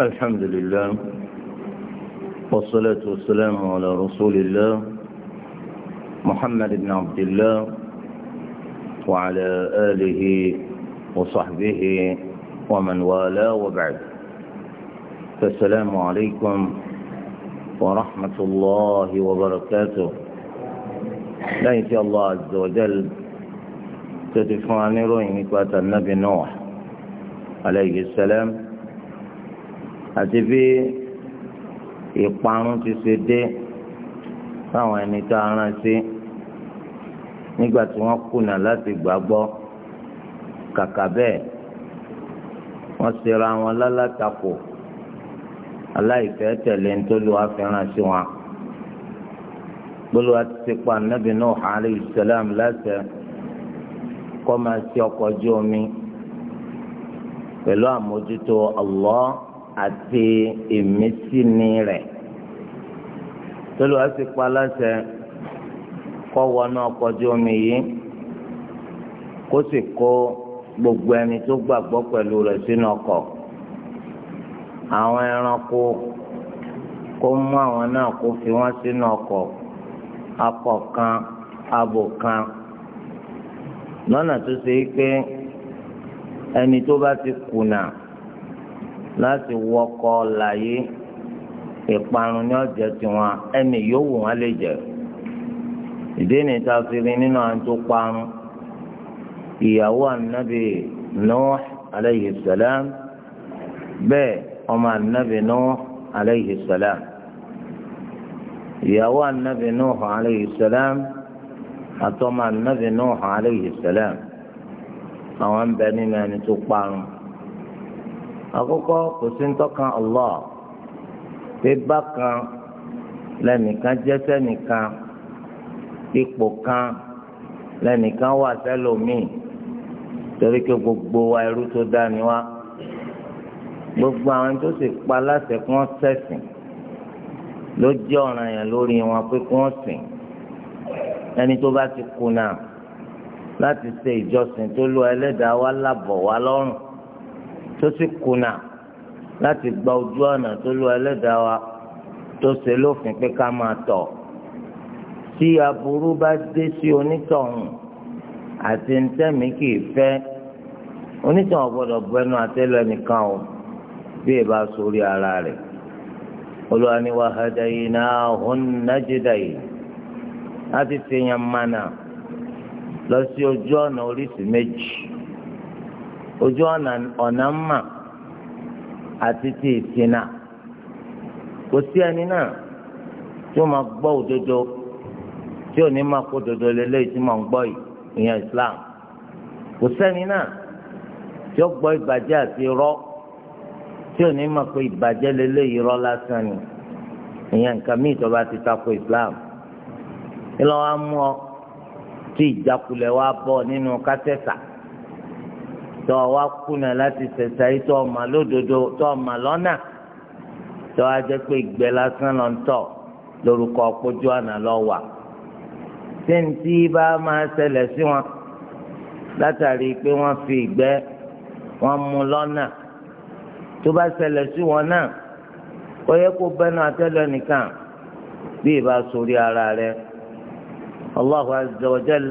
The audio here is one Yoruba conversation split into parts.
الحمد لله والصلاة والسلام على رسول الله محمد بن عبد الله وعلى آله وصحبه ومن والاه وبعد فالسلام عليكم ورحمة الله وبركاته لا شاء الله عز وجل تتفعني رؤية النبي نوح عليه السلام àti bí ìparun ti ṣe dé fáwọn ẹni tó aran sí nígbà tí wọ́n kùnà láti kàkà bẹ́ẹ̀ wọ́n wọn lálátakò aláìfẹ́ tẹ̀lé nítorí wàá sí wọn gbólóhà ti ti pa nàbì máa ṣe ọkọ̀ ojú omi pẹ̀lú àmójútó Allah. àti ìmísíni rẹ̀ tolúwa sì pa láṣẹ kọ́ wọnú ọkọ̀ ojú omi yìí kó sì kó gbogbo ẹni tó gbàgbọ́ pẹ̀lú rẹ̀ sínú ọkọ̀ àwọn ẹranko kó mú àwọn náà kó fi wọ́n sínú ọkọ̀ akọ kan abo kan lọ́nà tó ṣe é pé ẹni tó bá ti kùnà láti wọkọ̀ láyé ìparun ní ọ̀jẹ̀ tiwọn ẹni yòówù wọn lè jẹ ìdí ni ta fi rí nínú àwọn tó parun ìyàwó ànábì Nuh alayhi salam bẹ́ẹ̀ ọmọ ànábì Nuh alayhi salam ìyàwó ànábì Nuh alayhi salam àtọmọ ànábì Nuh alayhi salam àwọn ń nínú ẹni tó parun àkọ́kọ́ kò sí ń Allah pé bákan lẹ́nìkan jẹ́ sẹ́nìkan ipò kan lẹ́nìkan wà sẹ́lòmíì torí pé gbogbo wa ẹrú tó dá ni wá gbogbo àwọn tó sì pa láṣẹ kí wọ́n ṣẹ̀sìn ló jẹ́ ọ̀ràn yẹn lórí wọn pé kí sìn ẹni tó bá ti kùnà láti ṣe ìjọsìn tó lọ ẹlẹ́dàá wa lábọ̀ wá lọ́rùn tó sì kùnà láti gba ojú ọ̀nà tó lu ẹlẹ́dàá wa tó ṣe lófin pé ká máa tọ̀ tí aburú bá dé sí onítọ̀hún àti ntẹ́mi kì í fẹ́ onítọ̀hún gbọ́dọ̀ bu ẹnu àtẹ́lẹ̀ nìkan o bí ìbá sórí ara rẹ̀ Olúwa ni wa hadaynahu najdayn láti fi yan mana lọ sí ojú ọ̀nà oríṣi méjì ojú ọ̀nà mà àti ti ìṣìnà kò sí ẹni náà tí ó máa gbọ́ òdodo tí ò ní máa kó òdodo lélẹ́yìí tí mò ń gbọ́ yìí ìyẹn Islam kò sẹ́ni náà tí ó gbọ́ ìbàjẹ́ àti irọ́ tí ò ní máa kó ìbàjẹ́ lélẹ́yìí irọ́ lásán ni ìyẹn nǹkan míì tó ti takò Islam ńlọ wa mú ọ tí ìjákulẹ̀ wa bọ̀ nínú kásẹ̀sà. No tọ́ wa kùnà láti tẹ̀sà yìí tọ́ ọmọ lódodo tọ́ ọmọ lọ́nà tọ́ a jẹ́ pé ìgbẹ́ lásán lọ ń tọ̀ lórúkọ ọpọ́jú àná lọ wà. sẹ́ńtì bá máa ṣẹlẹ̀ sí wọn látàrí pé wọ́n fi ìgbẹ́ wọn mú lọ́nà tó bá ṣẹlẹ̀ sí wọn náà ó yẹ kó bẹ́nu àtẹ́lẹ̀ nìkan bí ìbá sórí ara rẹ̀ Allahu azza wa jal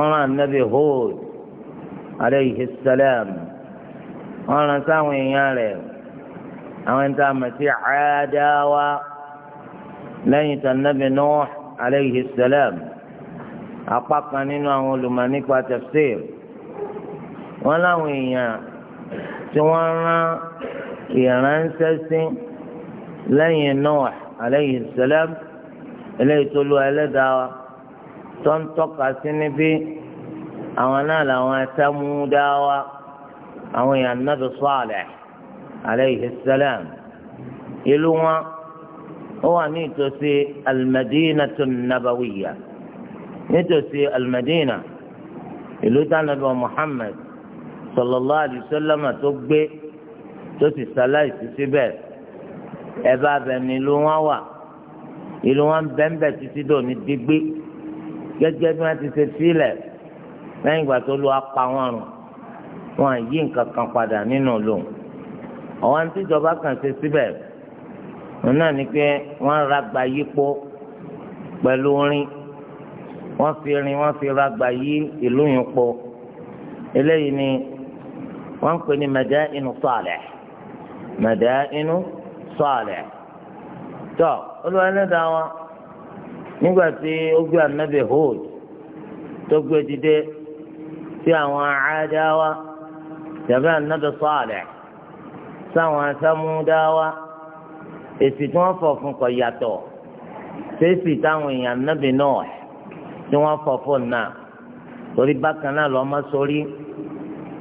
ọ̀ràn Nabi Hud aleyhi salam wọ́n rán sáwọn èèyàn rẹ̀ àwọn ẹni tá a mọ̀ sí àádáwa lẹ́yìn tán nàbì Nuh aleyhi salam apá kan nínú àwọn olùmọ̀ nípa tafsir wọ́n láwọn èèyàn tí wọ́n rán ìránṣẹ́ sí lẹ́yìn Nuh aleyhi salam eléyìí tó lu ẹlẹ́dàá tó ń tọ́ka sí níbí àwọn náà làwọn Samudawa àwọn èèyàn Nabi Salih alayhi salam ìlú wọn ó wà ní ìtòsí al-Madinatu an-Nabawiyya nítòsí al-Madina ìlú tánàbí wa Muhammad sallallahu alayhi wa sallam tó gbé tó sì sáláìsì síbẹ̀ ẹ bá bẹ ní ìlú wọn wà ìlú wọn bẹ́ẹ̀ bẹ́ẹ̀ títí dòní digbí gẹ́gẹ́ bí wọ́n ti ṣe sílẹ̀ lẹ́yìn ìgbà tó lu apá wọn rùn wọn yí nǹkan kan padà nínú lòun àwọn tíjọba kan ṣe síbẹ̀ wọn náà ni pé wọ́n ra gba yípo pẹ̀lú orin wọ́n fi rin wọ́n fi ra gba yí ìlú yìí po eléyìí ni wọ́n ń pè ní madainu salih madainu salih tó olúwa ẹlẹ́dàá wọn nígbà tí ó gbé anabi Hud tó gbé dìde sí àwọn àádáwa jàbá ànábì Sálíhù sáwọn asámúdáwa èsì tí wọ́n fọ̀ fún kọ yàtọ̀ fèsì táwọn èèyàn ànábì Nuh tí wọ́n fọ̀ fún náà torí bákan náà lọ́mọ sórí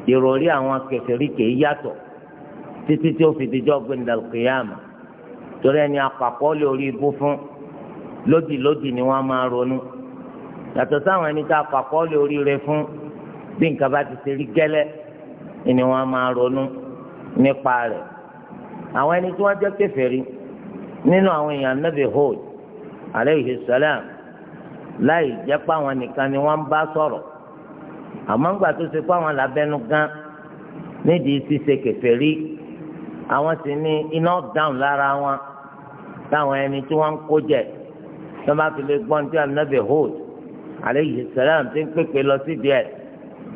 ìròrí àwọn kèfèrí kìí yàtọ̀ títí tí ó fi dijọ́ gbẹndàlùkìyàmù torí ẹni àpapọ̀ lè ibú fún lódìlódì ni wọ́n máa ronú yàtọ̀ sáwọn ẹni tá àpapọ̀ lè oríire fún bí nǹkan bá ti ṣe rí gẹ́lẹ́ ni wọ́n máa ronú nípa rẹ̀ àwọn ẹni tí wọ́n jẹ́ kèfèrí nínú àwọn èèyàn Nabi Hud alayhi salam láì jẹ́ pé nìkan ni wọ́n ń bá sọ̀rọ̀ àmọ́ ńgbà tó ṣe pé àwọn làbẹ́nu gan nídìí ṣíṣe kèfèrí àwọn sì ní iná dáhùn lára wọn táwọn ẹni tí wọ́n ń kó jẹ tó bá fi lè gbọ́n tí Nabi Hud alayhi salam ti ń pèpè lọ sí díẹ̀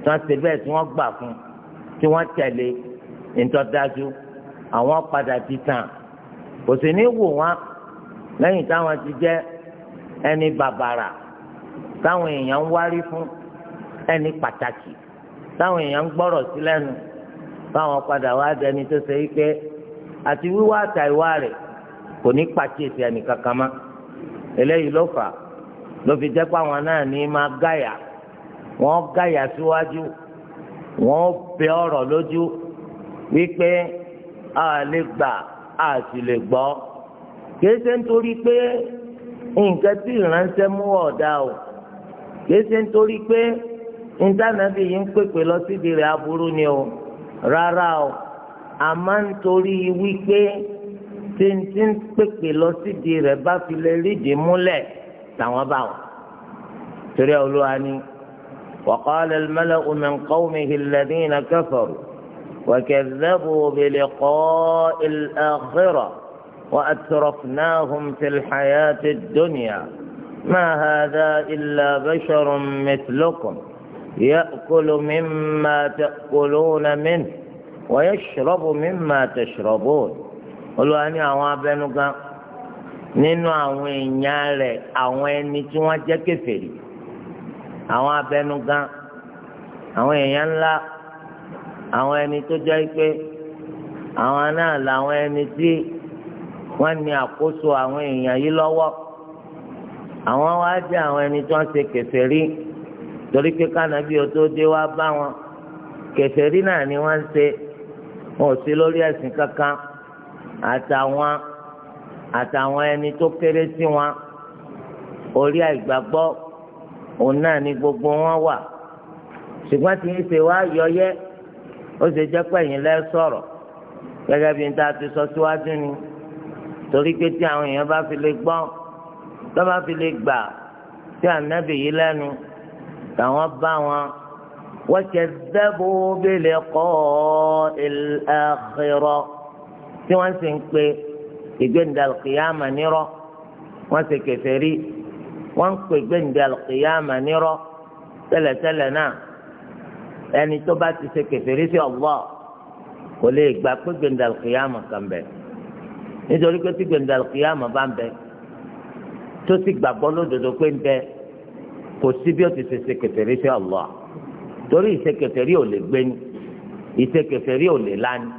tí wọ́n ṣe bẹ́ẹ̀ tí wọ́n gbà fún tí wọ́n tẹ̀lé ntọ́dájú àwọn padà ti tàn kò sì ní wò wọ́n lẹ́yìn táwọn ti jẹ́ ẹni bàbàrà táwọn èèyàn ń wárí fún ẹni pàtàkì táwọn èèyàn ń gbọ́rọ̀ sí lẹ́nu báwọn padà wá dẹni tó ṣe wípé àti wíwá àtàìwá rẹ̀ kò ní pàkíyèsí ẹnì kankan mọ́ eléyìí ló fà ló jẹ́ pé àwọn náà ní máa gáyà wọ́n gáyà síwájú wọ́n bẹ ọ̀rọ̀ lójú wípé a lè gbà a sì lè gbọ́ kìí ṣe nítorí pé nǹkan tí ìránṣẹ́ mú ọ̀dà o kìí ṣe nítorí pé ìtànàbí yìí ń pèpè lọ síbi rẹ̀ aburú ni o rárá o àmọ́ nítorí wípé tí ń ti ń pèpè lọ síbi rẹ̀ bá fi lè rídìí múlẹ̀ tàwọn bá wọn torí olúwa ni. وقال الملأ من قومه الذين كفروا وكذبوا بلقاء الآخرة وأترفناهم في الحياة الدنيا ما هذا إلا بشر مثلكم يأكل مما تأكلون منه ويشرب مما تشربون قلوا أني أوابنك ننو أوين يالي أوين نتوان جكفري àwọn abẹnugan àwọn èèyàn ńlá àwọn ẹni tó jẹ́ pé àwọn náà làwọn ẹni tí wọ́n ní àkóso àwọn èèyàn yìí lọ́wọ́ àwọn wá jẹ́ àwọn ẹni tó ń ṣe kèfèrí torí pé kánàbí o tó dé wá bá wọn kèfèrí náà ni wọ́n ń ṣe wọn ò sí lórí ẹ̀sìn kankan àtàwọn àtàwọn ẹni tó kéré sí wọn orí àìgbàgbọ́ òun náà ni gbogbo wọn wà ṣùgbọ́n tí ń ṣe wá yọyẹ ó ṣe jẹ́ pẹ̀yìn lẹ́ sọ̀rọ̀ gẹ́gẹ́ bí n ta ti sọ síwájú ni torí pé tí àwọn èèyàn bá fi lè gbọ́ tó bá fi lè gbà tí ànábì yìí lẹ́nu táwọn bá wọn wọ́n ṣe dẹ́bù bílẹ̀ kọ́ ẹ̀ẹ́dẹ́rọ tí wọ́n sì ń pe ìgbéǹdàlùkìyàmà nírọ́ wọ́n sì kẹfẹ́ rí wọ́n ń pè gbẹ̀ǹdé alùkìyàmà nírọ́ tẹ́lẹ̀tẹ́lẹ̀ náà ẹni tó bá ti ṣe kẹfẹ́rí sí Allah kò lè gbà pé gbẹ̀ǹdé alùkìyàmà kan bẹ̀ nítorí pé tí gbẹ̀ǹdé alùkìyàmà bá ń bẹ tó sì gbàgbọ́ lódodo pé ń bẹ kò sí bí ó ti ṣe ṣe kẹfẹ́rí sí Allah torí ìṣe kẹfẹ́rí ò lè gbéni ìṣe kẹfẹ́rí ò lè lání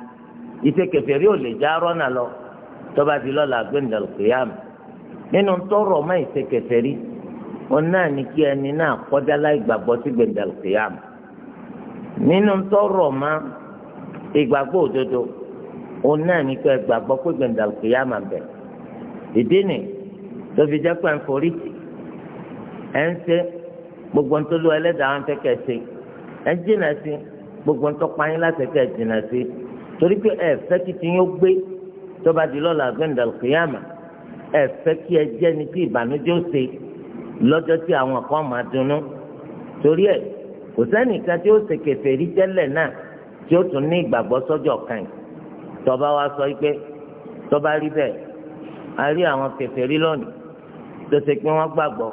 ìṣe kẹfẹ́rí ò lè já rọ́nà lọ tó bá ti lọ́la gbẹ̀ǹdé alùkìyàmà nínú tọrọ má ìsèkèsè rí òun náà ní kí ẹni náà kọjá láì gbàgbọ́ sí gbẹ̀dẹ̀lùkìyàmù nínú tọrọ má ìgbàgbọ́ òdodo òun náà ní kí ẹ gbàgbọ́ pé gbẹ̀dẹ̀lùkìyàmù bẹ̀ ìdí ni tó fi jẹ́ pé ń forí tì ẹ̀ ń ṣe gbogbo ntolu ẹlẹ́dàá wọn fẹ́ kẹsẹ ẹ jìnnà sí gbogbo ntọkpanyin láti kẹ jìnnà sí torí pé ẹ fẹ́ titi yóò gbé tó bá di lọ́la ẹ fẹ́ kí ẹ jẹ́ ni kí ìbànújẹ́ ó ṣe lọ́jọ́ tí àwọn kan máa dunnú torí ẹ̀ kò sẹ́nìkan tí ó ṣe kèfèrí tẹ́lẹ̀ náà tí ó tún ní ìgbàgbọ́ sọ́jọ́ kan yìí tọba wa sọ pé tọba rí bẹ́ẹ̀ a rí àwọn kèfèrí lónìí tó ṣe pé wọ́n gbàgbọ́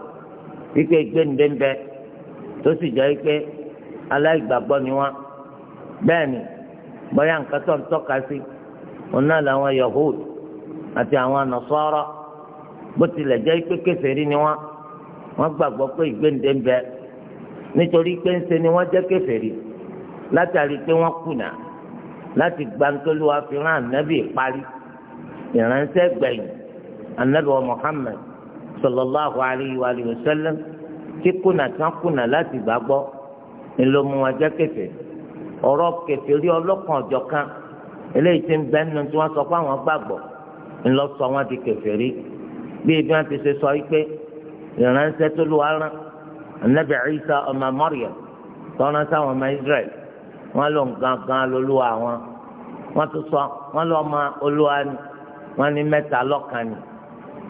wípé gbẹ̀ǹdé ń bẹ tó sì jẹ́ pé aláìgbàgbọ́ ni wọ́n bẹ́ẹ̀ ni bóyá nǹkan tó ń tọ́ka sí òun náà làwọn Yahudi àti àwọn Nasara bó tilẹ̀ jẹ́ pé kèfèrí ni wọ́n wọ́n gbàgbọ́ pé ìgbéǹde ń bẹ nítorí pé ńṣe ni wọ́n jẹ́ kèfèrí látàrí pé wọ́n kùnà láti gbàǹtólúwa fi rán ànábì parí ìránṣẹ́ gbẹ̀yìn ànábì wa Muhammad sallallahu alayhi wa sallam tí kùnà tán kùnà láti gbàgbọ́ ńlọmú wọn jẹ́ kèfèrí ọ̀rọ̀ kèfèrí ọlọ́kan ọ̀jọ̀kan eléyìí tí ń bẹ́ẹ̀ nù tí wọ́n sọ pé àwọn gbàgbọ́ ńlọ sọ wọn di kèfèrí bí ibi wọn ti ṣe sọ wípé ìránṣẹ́ tó lù wá rán anabi Isa ọmọ Maryam tọ́ran sáwọn ọmọ Israel wọn lọ gangan lolúwa wọn wọn tún sọ wọn lọ ọmọ olúwa ni wọn ní mẹ́ta lọ́kan ni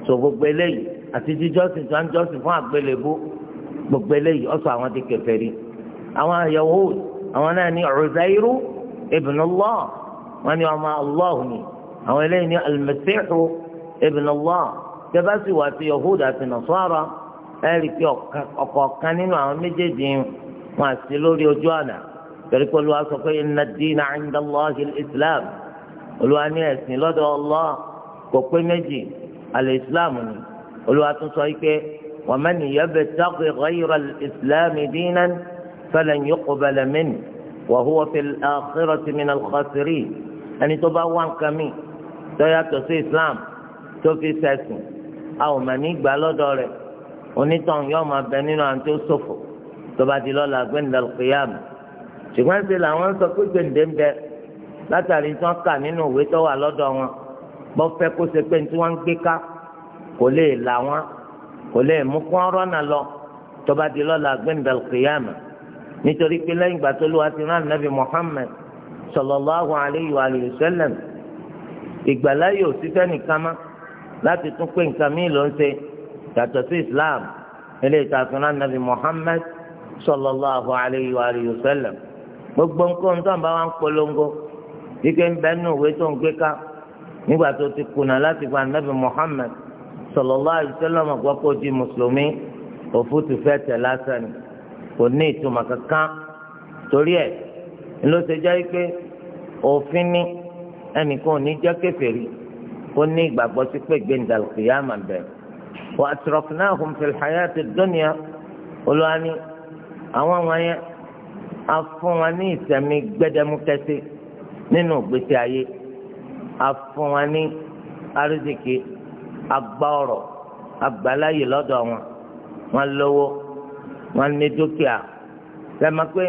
so gbogbo eléyìí àti jíjọ́sìn tí wọ́n jọ́sìn fún àgbélébú gbogbo eléyìí ọ̀sọ̀ àwọn ti kèfèrí àwọn Yahud àwọn náà ní Uzairu ibn wọn ní ọmọ Allah ni àwọn eléyìí ní al-Masihu tẹ́bá sì wá sí yahuda àti nasara ẹ rí i pé ọ̀kọ̀ọ̀kan nínú àwọn méjèèjì wọn àti lórí ojú àná torí pé olúwa sọ pé inna ad-dina 'inda Allahi al-islam olúwa ní ẹ̀sìn lọ́dọ̀ Allah kò pé méjì al-islam ni olúwa tún sọ yìí pé wa man yabtaghi ghayra al-islam dinan falan yuqbala minhu wa huwa fil akhirati min al-khasirin ẹni tó tó fi sẹ́sìn a ò mà ní gbà lọ́dọ̀ rẹ̀ onítàn yóò máa bẹ nínú àwọn tó ṣòfò tó bá di lọ́la gbẹ̀ndẹ̀ lùkìyàmù ṣùgbọ́n ṣe làwọn sọ pé gbẹ̀ndẹ̀ ń bẹ látàrí tí wọ́n kà nínú ìwé tó wà lọ́dọ̀ wọn bọ́ fẹ́ kó ṣe pé tí wọ́n ń gbé ká kò lè là wọn kò lè mú kó ọ̀rọ̀ náà lọ tó bá di lọ́la gbẹ̀ndẹ̀ lùkìyàmù nítorí pé lẹ́yìn ìgbà tó lùwà ti rán nàbì Muhammad sallallahu alayhi wa sallam ìgbàláyò sífẹ́ nìkan máa láti tún pé nǹkan míì ló ń ṣe yàtọ̀ sí islam ilé ìtàkùn náà nàbì muhammed sallallahu alayhi wa alihi wa sallam gbogbo nǹkan tó ń bá wa ń polongo ike ń bẹ́ẹ̀ nù òwe tó ń gbé ká nígbà tó ti kùnà láti fa nàbì muhammed sallallahu alayhi wa sallam àgbà kó di mùsùlùmí òfútu fẹ́ tẹ̀ lásán ni kò ní ìtumọ̀ kankan torí ẹ̀ ló ṣe jẹ́ pé òfin ni ẹnìkan ò ní jẹ́ kèfèrí ó ní ìgbàgbọ́ sí pé gbẹ̀ndàlù kìyàmà bẹ̀rẹ̀ wà á tìrọ̀fìnà àhùn fil hayati dunya olùwàní àwọn wọ̀nyẹn a fún wa ní ìsẹ̀mí gbẹ́dẹ́múkẹ́sí nínú ìgbésí ayé a fún wa ní arísìkí agbá ọ̀rọ̀ agbáláyè lọ́dọ̀ wọn wọn lówó wọn ní dúkìá lẹ́mọ̀ pé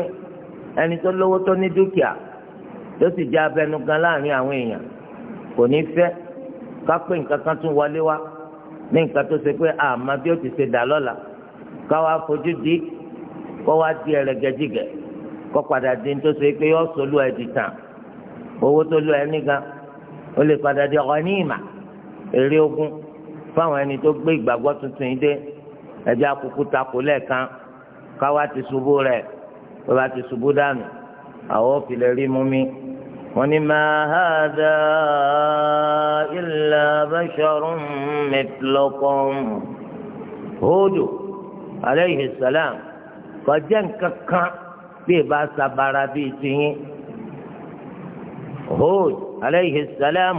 ẹni tó lówó tó ní dúkìá tó sì jẹ́ abẹnugan láàrin àwọn èèyàn kò ní fẹ́ ká pé nǹkan kan tún wọlé wá ní nǹkan tó ṣe pé àmọ́ bí ó ti ṣe dà lọ́la ká wá fojú di kó wá di ẹ̀rẹ̀gẹ̀jìgẹ̀ kó padà di tó ṣe pé yọ sọlú ẹ̀ di tàn owó tó lọ ẹ nígan ó lè padà di ọ̀rọ̀ ní ìmà èrè ogun fáwọn ẹni tó gbé ìgbàgbọ́ tuntun yìí dé ẹ̀jẹ̀ akuku takò lẹ́ẹ̀kan ká ti ṣubú rẹ̀ bó bá ti ṣubú dànù àwọn òfìlẹ̀ rí mú mi wọ́n ní ma hadha illa basharun mitlukum Hudu aleyhi salam kọjá nǹkan kan bí ìbá sabara bíi tiyín Hud aleyhi salam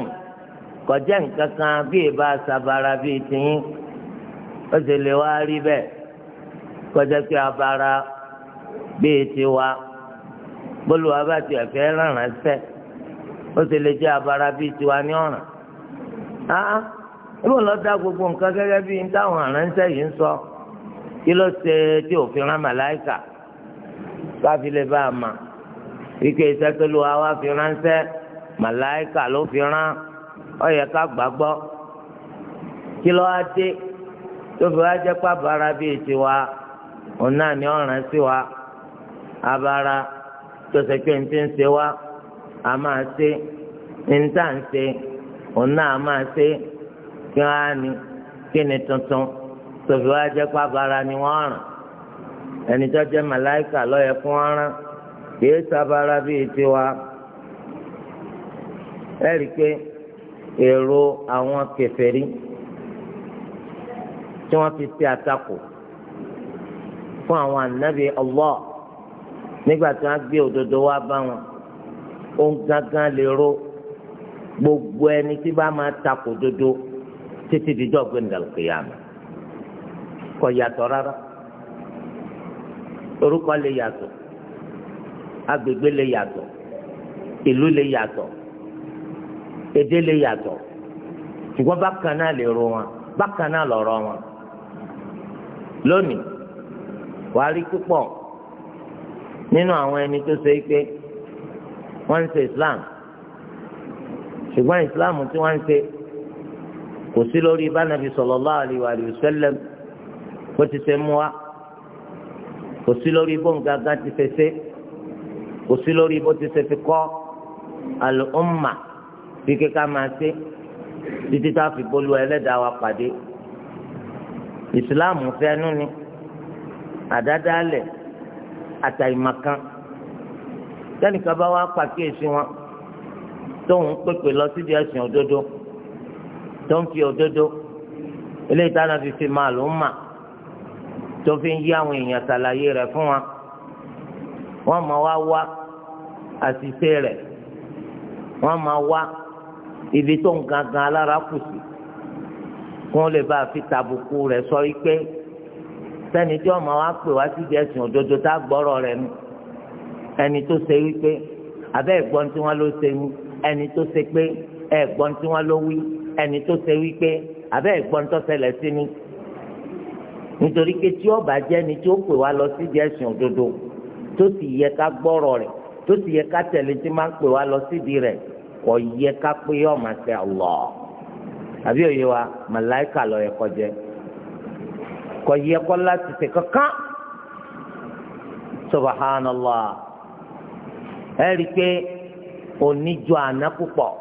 kọjá nǹkan kan bí ìbá sabara bíi tiyín ó sì lè wá rí bẹ́ẹ̀ kọjá pé abara bíi tiwa bólúwa bá tiẹ̀ fẹ́ rán ránṣẹ́. ó sì lè jẹ́ abara bíi tiwa ní ọ̀ràn áá níbo lọ da gbogbo nǹkan gẹ́gẹ́ bíi ní táwọn aránṣẹ́ yìí ń sọ kí ló ṣe tí òfin rán màláìkà káfí lè bá a mà wíkẹ́ iṣẹ́ tó lu àwa fi ránṣẹ́ màláìkà ló fi rán ó yẹ ká gbàgbọ́ kí ló á dé tó fi wá jẹ́ bíi tiwa ni sí wa abara tó ṣe pé ń ti a máa ṣe níta ń ṣe òun náà máa ṣe kí wọ́n á ní kí ni tuntun tòfi wá jẹ́ pàbàrà ni wọ́n rán ẹni tó jẹ́ màláìkà lọ́yẹ̀ fún wọn rán kìí sábàrà bíi tiwa ẹ̀rí pé èrò àwọn kèfèrí tí wọ́n fi ṣe àtakò fún àwọn ànábì Allah nígbà tí wọ́n gbé òdodo wá bá wọn ohun gángan lè ro gbogbo ẹni tí bá máa takò dodo títí dídọ́ gbẹ̀ndàlùkìyàmù kò yàtọ̀ rárá orúkọ le yàtọ̀ agbègbè lè yàtọ̀ ìlú lè yàtọ̀ èdè lè yàtọ̀ ṣùgbọ́n bákan náà lè ro wọn bákan náà lọ̀rọ̀ wọn lónìí wàá rí púpọ̀ nínú àwọn ẹni tó ṣe é pé wọ́n ń ṣe islam ṣùgbọ́n islam tí wọ́n ń ṣe kò sí lórí bánabi sallallahu alaihi wa sallam bó ti ṣe mú wa kò sí lórí bó ń gangan ti ṣe ṣe kò sí lórí bó ti ṣe fi kọ́ al-umma bí kíkà máa ṣe títí tá a fi bólú ẹlẹ́dàá wa pàdé ìsìláàmù fẹ́nu ni àdádálẹ̀ àtàìmọ̀kan tẹnìkan bá wá pàkíyèsí wọn tóun pèpè lọ sídìí ẹ̀sìn òdodo tó ń fi òdodo ilé ìtànà fi fi máa ló ń mà tó fi ń yí àwọn èèyàn ṣàlàyé rẹ̀ fún wa wọ́n máa wá wá àṣìṣe rẹ̀ wọ́n máa wá ibi tó ń gangan alára kù sí kí wọ́n lè bá a fi tàbùkù rẹ̀ sọ wípé sẹ́ni tí wọ́n máa wá pè wá sídìí ẹ̀sìn òdodo tá a gbọ́rọ̀ rẹ̀ nù ẹni tó ṣe wípé abẹ́ ẹ̀gbọ́n tí wọ́n ló ṣe wí ẹni tó ṣe pé ẹ̀gbọ́n tí wọ́n ló wí ẹni tó ṣe wípé abẹ́ ẹ̀gbọ́n tó ṣẹlẹ̀ sí ni nítorí pé tí ọba jẹ́ ni tí ó pè wá lọ sídìí ẹ̀sìn òdodo tó sì yẹ ká gbọ́rọ̀ rẹ̀ tó sì yẹ ká tẹ̀lé tí máa ń pè wá lọ sídìí rẹ̀ kò yẹ ká pé yọ ṣe Allah àbí òye wa màláìkà lọ yẹ kó jẹ kò yẹ kó láti ṣe kankan subhanallah ẹ rí i pé òní ju àná púpọ̀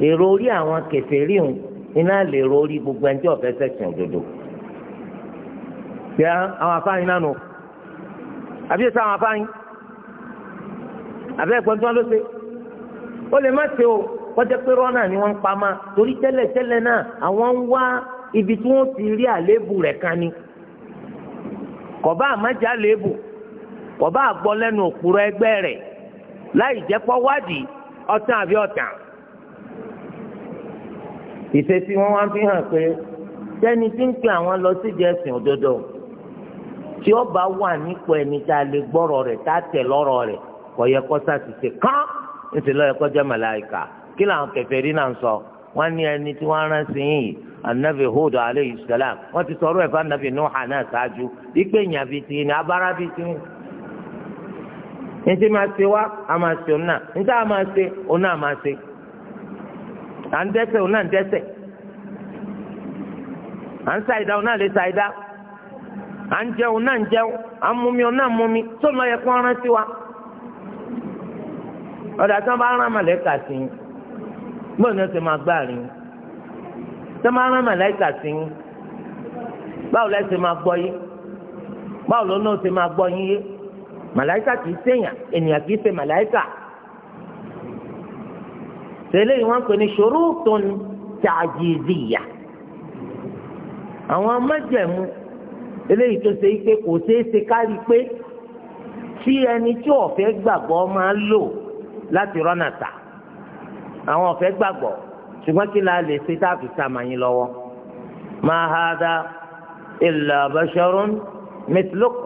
èrò orí àwọn kẹfẹ́ ríhùn iná lè ro orí gbogbo ẹni tí ọ̀fẹ́ sẹ̀sìn òdodo. Ṣé àwọn afáyín náà nù? Àbí èso àwọn afáyín? Àbẹ́ ẹ̀gbọ́n tí wọ́n ló ṣe? Ó lè má ṣe o, wọ́n pé rọ́nà ni wọ́n ń pa torí tẹ́lẹ̀ náà àwọn ń wá ibi tí wọ́n ti rí àléébù rẹ̀ kan ni. Kọ̀bá àmájà àléébù. kò gbọ lẹnu lẹ́nu òkúrọ ẹgbẹ́ rẹ̀ láì jẹ́ pọ́ wádìí ọ̀tàn àbí ọ̀tàn. ìṣesí wọn wá fi hàn pé sẹ́ni tí ń pè àwọn lọ síbi ẹ̀sìn òdodo tí ó bá wà nípò ẹni tá a lè gbọ́rọ̀ rẹ̀ tá a tẹ̀ lọ́rọ̀ rẹ̀ kò yẹ kó sàṣìṣe kán níṣẹ́ ló yẹ kó jẹ́ màláìkà kí làwọn rí náà sọ ní ẹni tí rán sí yìí anabi hudu aleyhi salam ti anabi ìpè yàn ntí máa ṣe wá a máa ṣe òun náà ntí a máa ṣe òun náà máa ṣe à ń dẹ́ṣẹ̀ òun náà ń dẹ́ṣẹ̀ à ń ṣàìdá òun náà lè ṣàìdá à ń jẹun náà ń jẹun mumi òun náà mumi tó lọ yẹ kó rán sí wa ọ̀dà tí wọ́n bá rán màlẹ́kà sí i bóun ni wọ́n ti máa gbá rí i tí wọ́n bá rán màlẹ́kà sí i báwo lẹ́sìn máa gbọ́ yé báwo lọ́nà ó ti máa gbọ́ yín màláìkà kì í ṣèyàn ènìyàn kì í ṣe màláìkà tẹ́lẹ̀ yìí wọ́n ń pè ní ṣurutun ta'jiziyya àwọn amájẹ̀mú eléyìí tó ṣe pé kò ṣeé ṣe kárí pé tí ẹni tí ọ̀fẹ́ gbàgbọ́ máa lò láti rọ́nà tà àwọn ọ̀fẹ́ gbàgbọ́ ṣùgbọ́n kí la lè ṣe tá a fi sàmà yín lọ́wọ́ ma hadha illa basharun mithlukum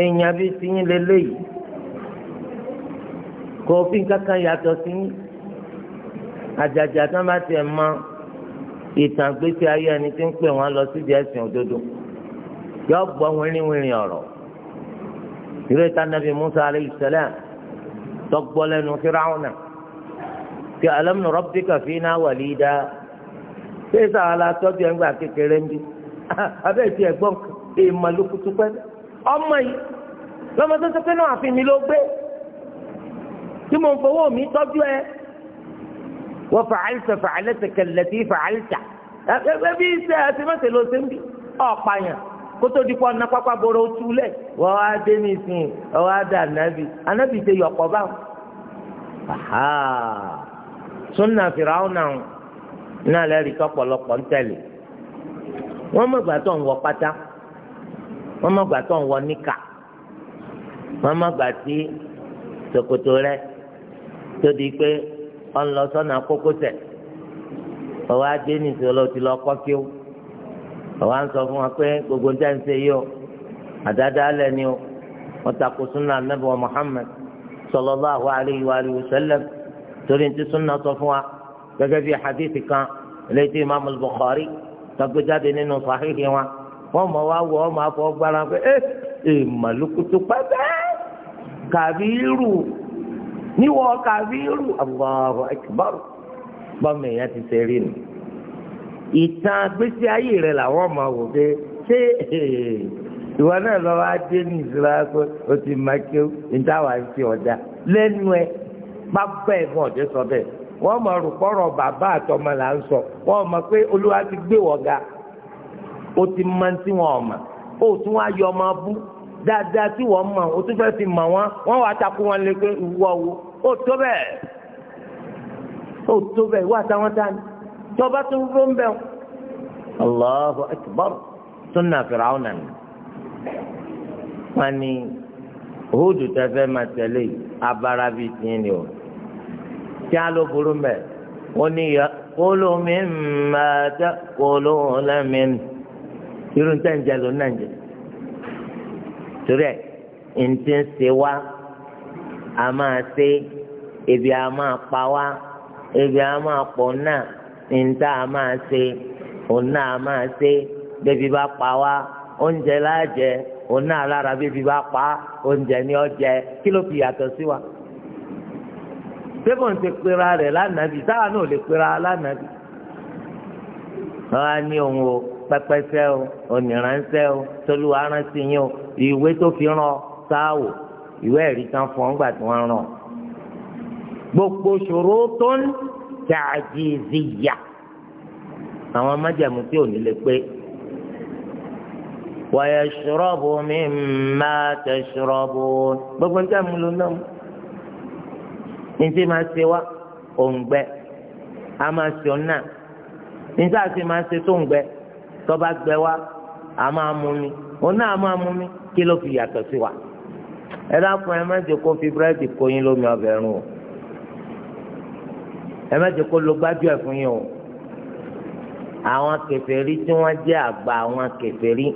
èèyàn bíi tiyín lélẹ́yìí kò fi kankan yàtọ̀ sí àjàjà tí wọ́n bá tiẹ̀ mọ ìtàn gbèsè ayé ẹni tí ń pè wọ́n lọ síbi ẹ̀sìn òdodo yọ gbọ́ wínrínwínrín ọ̀rọ̀ ìrètí anabi musa aleyhi salam tọgbọ́ lẹ́nu firawuna ti alam nurabbika fina walida ṣé sáà la tọ́jú ẹ̀ ń gbà kékeré ń bí abẹ́ẹ̀ tí gbọ́n ìmàlúkutu pẹ́ẹ́ ọmọ yìí lọ́mọ tó ṣe pé náà àfi mi ló gbé tí mo ń fowó mi tọ́jú ẹ wọ́n fàálítà fàálítà kẹlẹ́tì fàálítà ẹgbẹ́ bí iṣẹ́ àti mọ́tẹ́ ló ṣe ń bì ọ̀pààyàn kótó dikọ ọ̀nà pápá boro túlẹ̀ wọ́n á dé ní ìsìn wọ́n á dà nábì ànábì ṣe yọ̀pọ̀ báwọn. sunna fìràwọn náà náà lẹ́rìí tọ́pọ̀lọpọ̀ ń tẹ̀lé wọ́n mọ̀gbà tó ń wọ pátá wọ́n má gbà tó ń wọ níkà wọ́n má gbà tí ṣòkòtò rẹ̀ tó di pé wọ́n lọ sọ́nà kókósẹ̀ ọwọ́ adé nìṣó lọ ti lọ kọ́ kí ó ọwọ́ à ń sọ fún wa pé gbogbo ń tẹ́ ṣe yìí àdáda alẹ́ ni o wọ́n takò súnà Ànábì wa Muhammad sallallahu alayhi wa alihi wa sallam torí ti súnà sọ fún wa gẹ́gẹ́ bí hadith kan eléyìí imaamu Bukhari tó gbé jáde nínú sàhíhì wa. wọ́n mọ̀ wá wọ ọmọ afọ gbára pé ẹ eh, ẹ eh, màlúkutu pátá kàbírù níwọ̀ kàbírù Allahu akbar bọ́mọ èèyàn ti ṣe rí nu. ìtàn gbèsè ayé rẹ làwọn ọmọ wò pé ṣé ìwọ náà lọ wá dé ní ìṣúra pé o ti máa ké ìdáwà ti ọ̀dà lẹ́nu ẹ bá bẹ́ẹ̀ wọ́n mọ̀ bàbá àtọmọ là ń sọ wọ́n mọ̀ pé olúwa gbé wọ̀ ga o ti máa wọn ò o tún wá yọ ọmọ bú dáadáa tí wọ́n mọ̀ o tún fi wọn wọ́n wà á takú wọn lé pé ìwọ wo tó bẹ́ẹ̀ o tó bẹ́ẹ̀ wá táwọn dání tọ́ba tó ń rón bẹ́ẹ̀ Allahu akbar sunna fìràwọn nàní wọn ni Húdù máa abara bíi ni o tí a ló burú ní máa irú ní tẹ̀ǹjẹ̀ ló ń jẹ torí ẹ̀ ntí ń wá a máa se ebi a máa pa wá ebi a máa pọ̀ náà níta a máa ṣe òun náà a máa bébí bá pa wá oúnjẹ òun náà lára bébí pera rẹ̀ náà lè pera ní òun pẹ́pẹ́sẹ́ o oníránṣẹ́ o tolúwa aránsẹ́ yín o ìwé tó fi rán ọ sáàwò ìwé ẹ̀rí kan fún ọgbà tí wọ́n rán ọ. gbogbo ṣòro tó ń tàjìzìyà àwọn májàmú tí ò ní lè pé. wàyẹ̀ṣọ́rọ́bù mi máa tẹ̀ṣọ́rọ́bù gbogbo ń tẹ̀mú ló náà. ní tí máa ṣe wá òǹgbẹ a máa ṣe ọ̀nà ní tí a sì máa ṣe tó ń gbẹ tọ́ba gbẹ wa a máa mú mi òun náà a máa mú mi kí ló fi yàtọ̀ sí wa ẹ dákun ẹ má jẹ́ kó fi búrẹ́dì kó yín lómi ọbẹ̀ rún o ẹ má jẹ́ kó lo gbájú ẹ̀ fún yín o àwọn kèfèrí tí wọ́n jẹ́ àgbà àwọn kèfèrí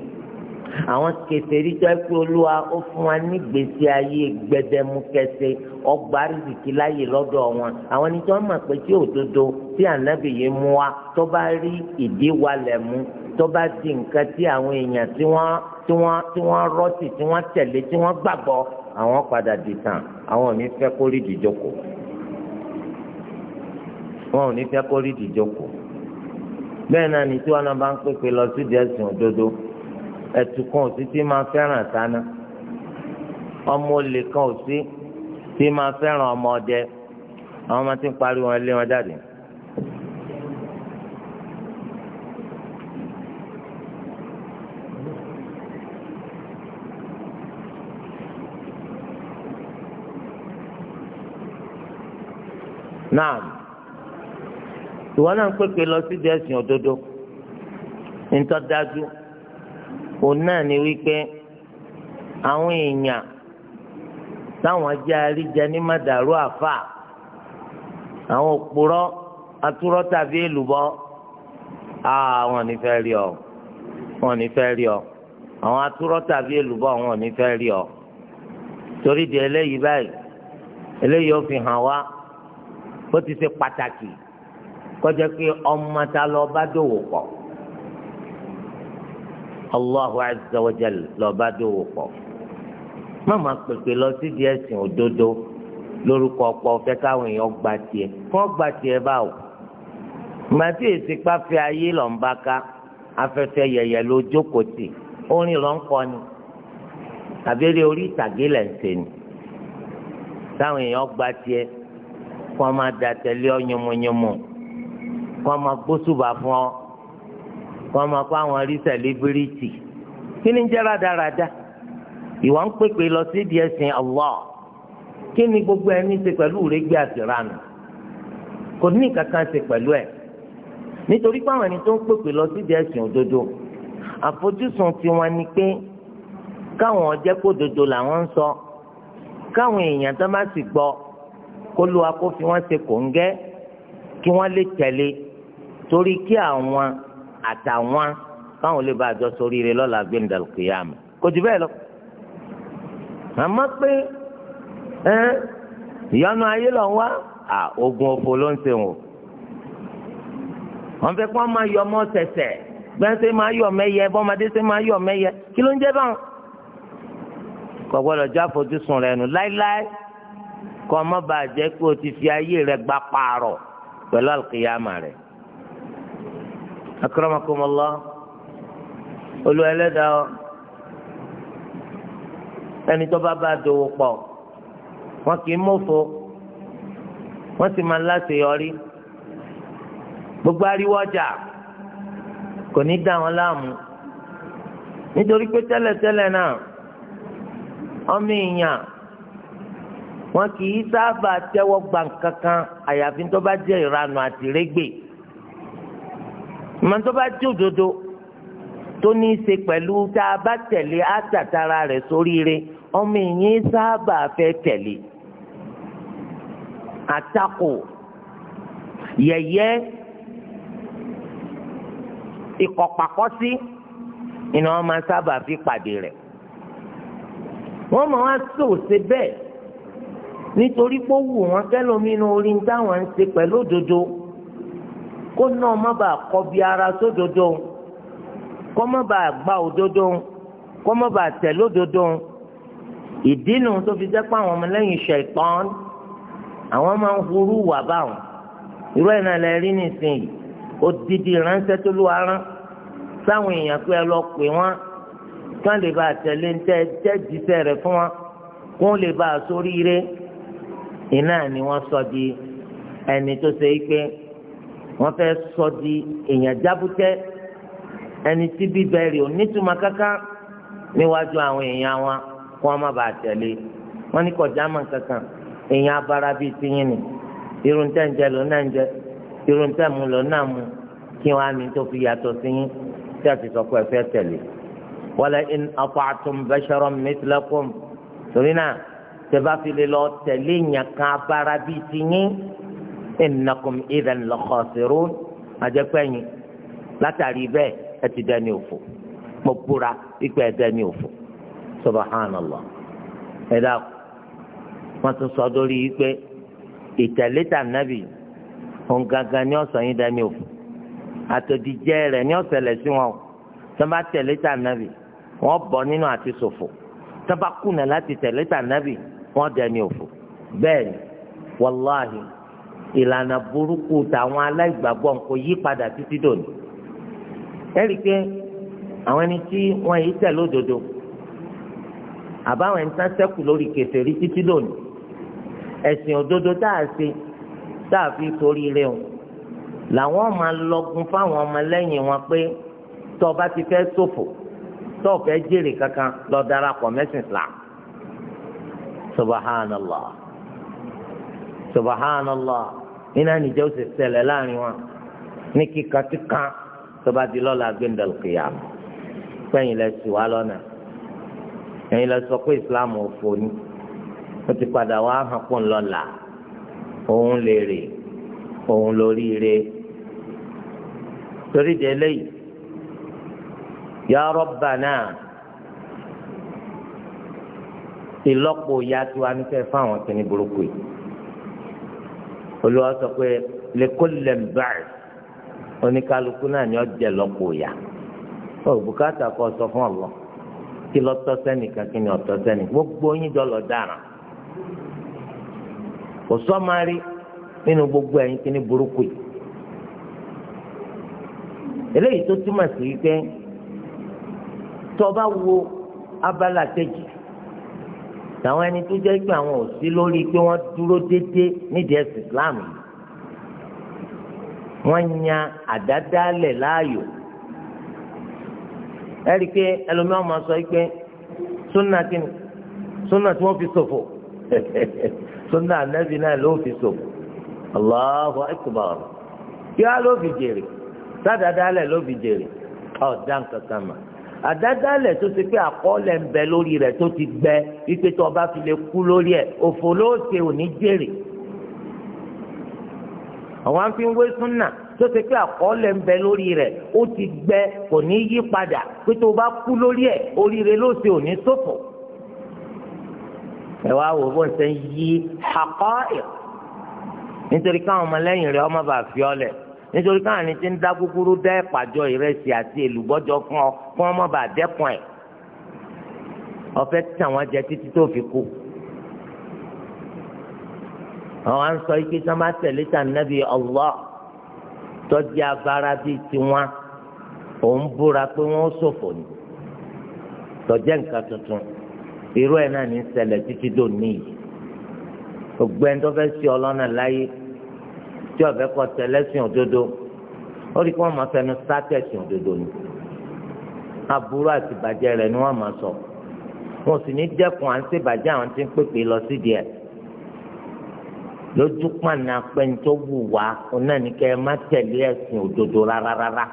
àwọn kèfèrí tó ẹ pé olúwa ó fún wa nígbèsí ayé gbẹdẹmukẹsẹ ọgbà rìsìkì láàyè lọ́dọ̀ wọn àwọn ẹni tí wọ́n mọ̀ pé tí òdodo tí ànábì mú wa tó bá rí ìdíwalẹ̀ mú tó bá di nǹkan tí àwọn èèyàn tí wọ́n tí wọ́n tí wọ́n rọ́tì tí wọ́n tẹ̀lé tí wọ́n gbàgbọ́ àwọn padà di tàn àwọn ò ní fẹ́ kó rí ìdíjókòó wọn ò ní fẹ́ kó rí ìdíjókòó bẹ́ẹ̀ náà ni tí wọn bá ń pèpè lọ sí ìdẹ́sìn òdodo ẹ̀tùkùn òsì tí máa fẹ́ràn sáná ọmọ olè kan òsì tí máa fẹ́ràn ọmọ ọdẹ àwọn ọmọ tí ń pariwo ẹ jáde. náà ìwọ náà ń pèpè lọ sí di ẹ̀sìn òdodo nítọ́ dájú òun náà ni wípé àwọn èèyàn táwọn jẹ́ àríjẹ ní màdàrú àfà àwọn òpùrọ́ atúrọ́ tàbí èlùbọ́ àwọn nífẹ̀ẹ́ rí ọ wọn nífẹ̀ẹ́ rí ọ àwọn atúrọ́ tàbí èlùbọ́ wọn nífẹ̀ẹ́ rí ọ torí di eléyìí báyìí eléyìí ó fi bó ti ṣe pàtàkì kọjá pé ọmọ ta lọ bá dòwò pọ̀ Allahu azza wa jal lọ bá dòwò pọ̀ má máa pèpè lọ sí díẹ̀ sìn òdodo lórúkọ ọ̀pọ̀ ọ̀fẹ́ káwọn èèyàn gba tiẹ̀ fún ọgbà tiẹ̀ báwò màtí èsì pàfẹ́ ayé lọ afẹ́fẹ́ yẹ̀yẹ̀ ló jókòó tì orin lọ ni tàbí eré orí ìtàgé lẹ̀ ni táwọn èèyàn gba tiẹ̀ kó ọmọ adatẹ̀lé ọ yánmọ̀yánmọ̀ kó ọmọ gbósùbà fún ọ kó ọmọ kó àwọn rí sẹ̀lẹ́bírìtì kí ni jẹ́ rádaràda ìwà ń pèpè lọ sí ìdí ẹ̀sìn Allah kí ni gbogbo ẹni ṣe pẹ̀lú rẹ́gbẹ́ àtìránù kò ní kankan ṣe pẹ̀lú ẹ̀ nítorí pé àwọn ẹni tó ń pèpè lọ sí ìdí ẹ̀sìn òdodo àfojúsùn tiwọn ni pé káwọn ọjẹ́ kó dodo làwọn ń sọ káwọn èèyàn tó bá sì gbọ́ kólú wa kó fi wọ́n ṣe kòńgẹ́ kí wọ́n lè tẹ̀lé torí kí àwọn àtàwọn káwọn lè bá àjọ sórí rẹ lọ́la gbẹ̀ndàlùkìyàmù kò jù bẹ́ẹ̀ lọ. àmọ́ pé ìyanu ayé lọ wá ogun òfò ló ń ṣe wò wọ́n fẹ́ kí wọ́n máa yọ ọmọ sẹ̀sẹ̀ gbẹ́nsẹ́ máa yọ mẹ́yẹ bọ́mọdé sẹ́ máa yọ mẹ́yẹ kí ló ń jẹ́ báwọn. kò gbọ́dọ̀ já àfojúsùn rẹ nù láíláí kọ́ ọmọ bá jẹ́ pé o ti fi ayé rẹ gba pààrọ̀ pẹ̀lú àlùkìyàmà rẹ. akramakumullah olú ẹlẹ́dàá ẹni tó bá bá dòwò pọ̀ wọn kì í mọ̀fọ́ wọ́n sì máa ń láṣeyọrí gbogbo ariwo kò ní dá wọn láàmú nítorí pé tẹ́lẹ̀tẹ́lẹ̀ náà ọmọ èèyàn wọn kì í sábà tẹ́wọ́ gba nǹkan kan àyàfi tó bá jẹ́ ìranù àti régbè màá tó bá jẹ́ òdodo tó ní í ṣe pẹ̀lú tá a bá tẹ̀lé àtàtàrà rẹ̀ sóríire ọmọ ìyẹn sábà fẹ́ tẹ̀lé àtakò yẹ̀yẹ́ ìkọ̀pàkọ́sí ni wọ́n máa sábà fi pàdé rẹ̀ wọ́n máa wá sòṣe bẹ́ẹ̀ nítorí pé ó wù wọ́n kẹ́lòmínú orí ń táwọn ń ṣe pẹ̀lú òdodo kó náà má bàa kọbi ara sódodo kó má bàa gba òdodo kó má bàa tẹ̀lé òdodo ìdínú tó fi jẹ́ pé àwọn ọmọlẹ́yìn ṣẹ̀tán àwọn máa ń hurú wà báwọn irú ẹ̀ náà lẹ rí nísìnyí odidi ìránṣẹ́ tó lù arán sáwọn èèyàn pé ẹ lọ pè wọ́n kí wọ́n lè bá tẹ̀lé ń tẹ́ jẹ́ jíṣẹ́ rẹ̀ fún wọn kí wọ́n lè bá a sóríire iná ni wọ́n sọ di ẹni tó ṣe é pé wọ́n fẹ́ sọ di èèyàn jábútẹ́ ẹni tí bíbẹ̀rẹ̀ onítùmọ̀ kankan níwájú àwọn èèyàn wọn kó wọn má bàa tẹ̀lé wọn ní kọjá mọ̀ kankan èèyàn abara bíi tiyín ni irun tẹ́ ń jẹ ló náà ń jẹ irun tẹ́ mu ló náà mu kí wọn á ní tó fi yàtọ̀ sí tí a ti sọ pé ẹ fẹ́ tẹ̀lé. wala in ata'tum basharan mithlakum torí náà tẹ́fà fi lè lọ tẹ̀lé yàn kan abára bíi ti yín ìnàkùn ìdàn lọ́kọ̀ọ̀sẹ̀rọ̀ àjẹpẹ́yìn látàrí bẹ́ẹ̀ ẹ ti dẹni òfò mo búra pípẹ́ ẹ dẹni òfò subahánàlá ẹ dákun wọ́n tún sọ dórí yìí pé ìtẹ̀lé tà nábì òun gangan ní ọ̀sán yín dẹni òfò àtòdìjẹ́ rẹ̀ ní ọ̀sẹ̀lẹ̀ sí wọn o tẹ̀lé tà nábì wọ́n bọ̀ nínú àti ṣòfò tí kùnà láti tẹ̀lé tà nábì wọ́n dẹni òfò bẹ́ẹ̀ ni wàláhì ìlànà burúkú tàwọn aláìgbàgbọ́ nǹkó yí padà títí dòní. ẹ̀rí pé àwọn ẹni tí wọ́n yìí tẹ̀ lódodo àbáwọn ẹni tán sẹ́kù lórí kèfèrí títí dòní. ẹ̀sìn òdodo tá a ṣe tá a fi torí ilé wọn. làwọn máa lọ́gun fáwọn ọmọlẹ́yìn wọn pé tọ́ba ti fẹ́ ṣòfò tọ́ọ̀fẹ́ jèrè kankan lọ darapọ̀ mẹ́sìn Islam. subahánàlá subahánàlá iná níjẹ́ ó sì ṣẹlẹ̀ láàrin wọn ní kíkan tí kan tó bá di lọ́la gbẹ̀ndẹ̀lùkìyàm sẹ́yìn lẹ sì wá lọ́nà ẹ̀yin lẹ sọ pé islam ò fò ní ó ti padà wá hàn pọ̀ ńlọ́la òun lè rè òun lóríire torí de eléyìí ya Rabbana. ìlọ́pọ̀ ya tí wàá nífẹ̀ẹ́ fáwọn kìnnì burúkú yìí olùwà sọ pé lẹ́kọ́lẹ̀ oníkálukú náà ni ọ jẹ lọ́pọ̀ ya ó bùkátà kọ́ sọ fún ọ̀lọ́ kí lọ tọ́ kí ni ọ̀tọ́ gbogbo yín jọ lọ dára kò sọ́mari nínú gbogbo kìnnì burúkú yìí eléyìí tó túmọ̀ sí pé wo abala kejì. tàwọn ẹni tó jẹ́ pé àwọn ò sí lórí pé wọ́n dúró dédé nídìí ẹ̀sìn Islam yìí wọ́n yan àdádálẹ̀ láàyò ẹ̀rí pé ẹlòmíràn máa sọ pé súnà kí ni súnà tí wọ́n fi ṣòfò súnà ànábì náà ló fi ṣòfò Allahu akbar kí wọ́n á ló fi jèrè sádàdálẹ̀ ló fi jèrè ọ̀dà nǹkan kan mọ̀ àdádálẹ̀ tó ti pé àkọọ́lẹ̀ ń bẹ lórí rẹ̀ tó ti gbẹ wípé tó ọba fi lè kú lórí ẹ̀ òfò ló ṣe òní jèrè àwọn afi ń wé súnà tó ti pé àkọọ́lẹ̀ ń bẹ lórí rẹ̀ ó ti gbẹ kò ní yí padà pé tó bá kú lórí ẹ̀ oríire ló ṣe òní ṣòfò ẹ wá wò bó ń sẹ́ yí àkọ́ ẹ̀ nítorí káwọn ọmọlẹ́yìn rẹ̀ ọmọ bàá fi ọ́ lẹ̀ nítorí káwọn ẹni tí ń dá kúkúrú dá ìpàjọ ìrẹsì àti èlùbọ́jọ fún ọ kí wọ́n mọ̀ bá dẹ́kun ẹ̀ ọ̀fẹ́ tí àwọn jẹ títí tó fi kú. àwọn à ń sọ ike tí tẹ̀lé tà nàbí Allah tọ́jú abara bíi tiwọn òun búra pé wọ́n ṣòfò ní tọ́jẹ́ nǹkan tuntun irú ẹ̀ náà ní ṣẹlẹ̀ títí dòní yìí ògbẹ́ni tó fẹ́ sí ọlọ́nà láyé tí ọ̀fẹ́ kọ tẹ̀lẹ́sìn òdodo ó rí kí wọ́n máa fẹnu sátẹ̀sìn òdodo ni aburú àti ìbàjẹ́ rẹ̀ ni wọ́n máa sọ wọn sì ní dẹ́kun à ń ṣèbàjẹ́ àwọn tí ń pèpè lọ sí díẹ̀ lójú pàna pẹ́ni tó wù wá ọ̀nà ní kẹ́ ẹ má tẹ̀lé ẹ̀sìn òdodo rárá rárá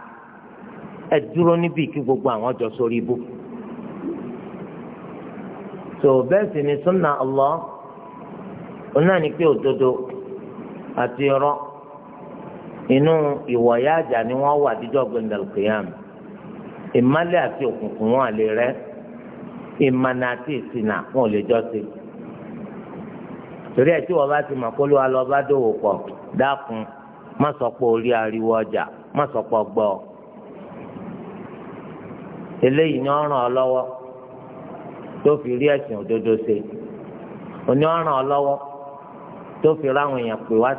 ẹ dúró níbí kí gbogbo àwọn jọ sórí ibú tó bẹ́ẹ̀ sì ni súnà Allah ọ̀nà ní pé òdodo àti ọ̀rọ̀. inú ìwọ̀yá àjà ni wọ́n wà díjọ́ gbẹ̀ndàlùkìyàm ìmálẹ̀ àti òkùnkùn wọn àlè rẹ ìmànà àti ìsìnà wọn ò lè jọ sí. torí tí wọ́n bá ti mọ̀ kó wa lọ bá dòwò ariwo ọjà má sọ pé eléyìí ni ọ tó fi rí ẹ̀sìn òdodo ṣe òní ọ̀ràn ọ tó fi ráwọn èèyàn pè wá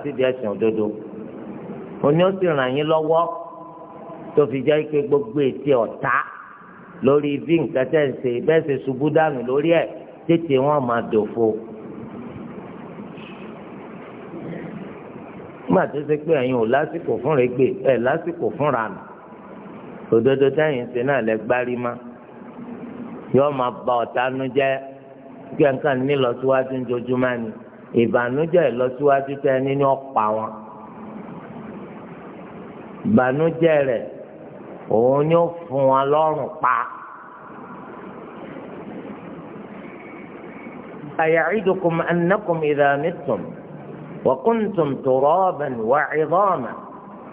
òdodo òní ó sì ràn yín lọ́wọ́ tó fi jẹ́ pé gbogbo ètí ọ̀tá lórí bí nǹkan tẹ̀ ń ṣe bẹ́ẹ̀ ṣe ṣubú dànù lórí ẹ̀ tètè wọn máa dòfo. nígbà tó ṣe pé ẹ̀yin ò lásìkò fún rẹ̀gbẹ̀ ẹ̀ lásìkò fún ranù òdodo táyìn ṣe náà lẹ gbárí má yóò máa ba ọ̀tá nu jẹ́ kí ẹ̀ka nílọsíwájú ń jojúmọ́ ni ìbànújẹ́ ìlọsíwájú tẹ́ ẹni ní ọ̀pá wọn ìbànújẹ́ rẹ̀ òun yóò fún wọn lọ́rùn pa. أيعدكم أنكم إذا متم وكنتم ترابا وعظاما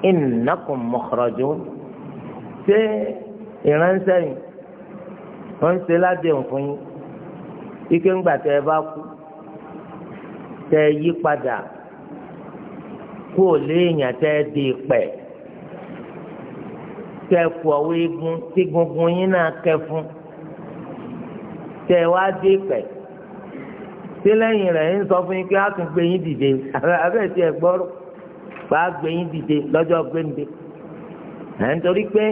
إنكم مخرجون ṣé ìránṣẹ́ yìí wọ́n ń ṣe ládéhùn fún yín ike ńgbà tẹ́ ẹ bá kú tẹ́ ẹ yí padà kú ò léèyàn tẹ́ ẹ dé pẹ̀ẹ́ kẹfù ọwọ́ egun tí gungun yín náà kẹfún tẹ wá dé pẹ tí lẹ́yìn rẹ̀ ń sọ fún yín pé a tún gbé yín dìde abẹ́ ti ẹ̀ gbọ́rọ̀ bá a gbé yín dìde lọ́jọ́ gbéǹde ẹ̀ ń torí pé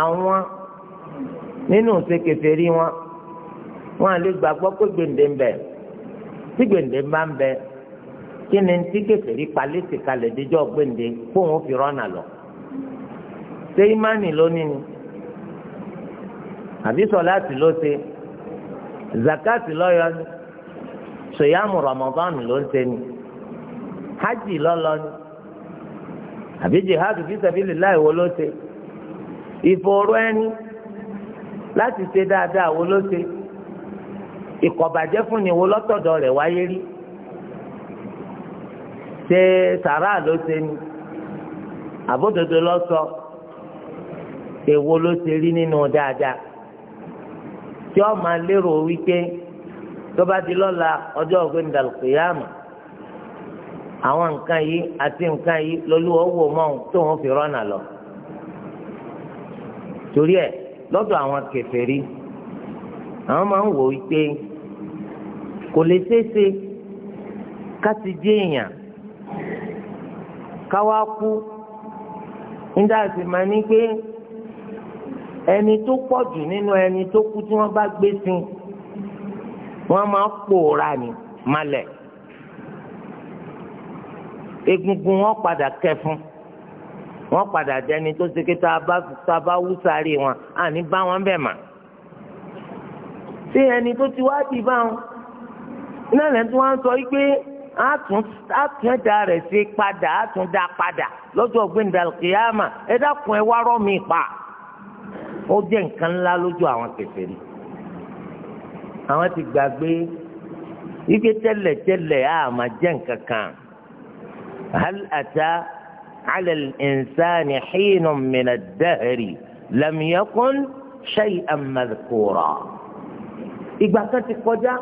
àwọn nínú ìsekèfèrí wọn wọn à lè gbàgbọ́ pé gbèǹde ń bẹ tí gbèǹde bá ń bẹ kí ni tí kèfèrí palẹ́tì kalẹ̀ díjọ́ gbèǹde kóun fi rọ́nà lọ ṣé ìmánì lónìí ni àbí sọláàtì ló ṣe zakati lọ́yọ́ ni sòyàmù ramadan ló ṣe ni hajj lọ́lọ́ ni àbí jihad fi sabilillah wo ló ṣe ìfòòró ẹni láti ṣe dáadáa wo ló ṣe ìkọ̀bàjẹ́ fúnni wo lọ́tọ̀dọ̀ rẹ̀ wáyé rí ṣe sàrà ló ṣe ni àbódodo ló sọ. So èwo ló ṣe rí nínú dáadáa tí ó máa lérò wípé tó bá di lọ́la ọjọ́ ọ̀gbìn dàlùkìyàmù àwọn nǹkan yìí àti nǹkan yìí lọ́lúwọ́ wò mọ́ ohun tó wọ́n fi rọ́nà lọ. torí ẹ lọ́dọ̀ àwọn kèfèrí àwọn máa ń wò wípé kò lè ṣeéṣe ká ẹni tó pọ̀ jù nínú ẹni tó kú tí wọ́n bá gbé sin wọ́n máa pòórá ni malẹ̀ egungun wọn padà kẹfun wọn padà dẹni tó ṣe kí tá a bá wú sáré wọn àní bá wọn bẹ̀ mà ṣé ẹni tó ti wá di báwọn iná lẹ́nu tí wọ́n sọ wípé àtúndà rẹ̀ ṣe padà àtúndà padà lọ́jọ́ gbẹ̀ndàlùkìyàmà ẹ dákun ẹ wá rọ́ mi pa ó jẹ́ nǹkan ńlá lójú àwọn kèfèrí àwọn ti gbàgbé ike tẹ́lẹ̀ tẹ́lẹ̀ a máa jẹ́ nǹkan kan hal ata ala al-insani hinun min ad-dahri lam yakun shay'an madhkura ìgbà kan ti kọjá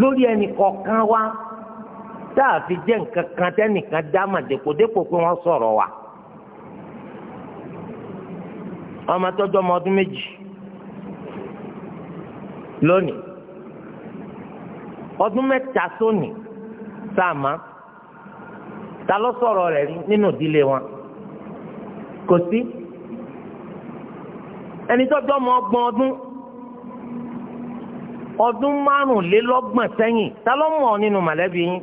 lórí ẹnì kọ̀ọ̀kan wa tá jẹ́ nǹkan kan tẹ́nìkan dá mà dépò dépò pé wọ́n sọ̀rọ̀ wa ọmọ tọjọ ọmọ ọdún méjì lónìí ọdún mẹ́ta sóni sáàmà ta ló sọ̀rọ̀ rẹ̀ rí nínú ìdílé wọn kò sí ẹni tọjọ ọmọ ọgbọ̀n ọdún ọdún márùnlélọ́gbọ̀n sẹ́yìn ta ló mọ̀ nínú mọ̀lẹ́bí yín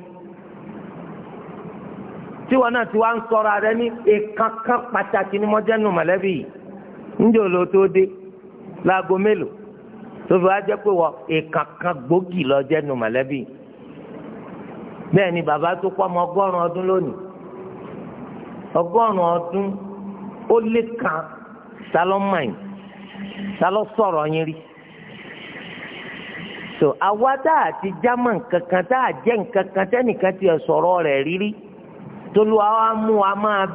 tiwọn náà ti wá ń sọ̀rọ̀ rẹ̀ ní èèkàn pàtàkì ni mo jẹ́ nínú mọ̀lẹ́bí yìí. ndị olo tó dé láago mélòó tó fi wá jẹ́ pé wọ ìkàkàn gbòógì lọ jẹ́nu mọ̀lẹ́bí bẹ́ẹ̀ ni bàbá tó pọ̀ ọmọ ọgọ́rùn ọdún lónìí ọgọ́rùn ọdún ó lé kan ta ló mọ̀ yín ta rí so àwa tá a ti jámọ̀ nkankan tá a nkankan tẹ́nìkan ti rírí wa wa máa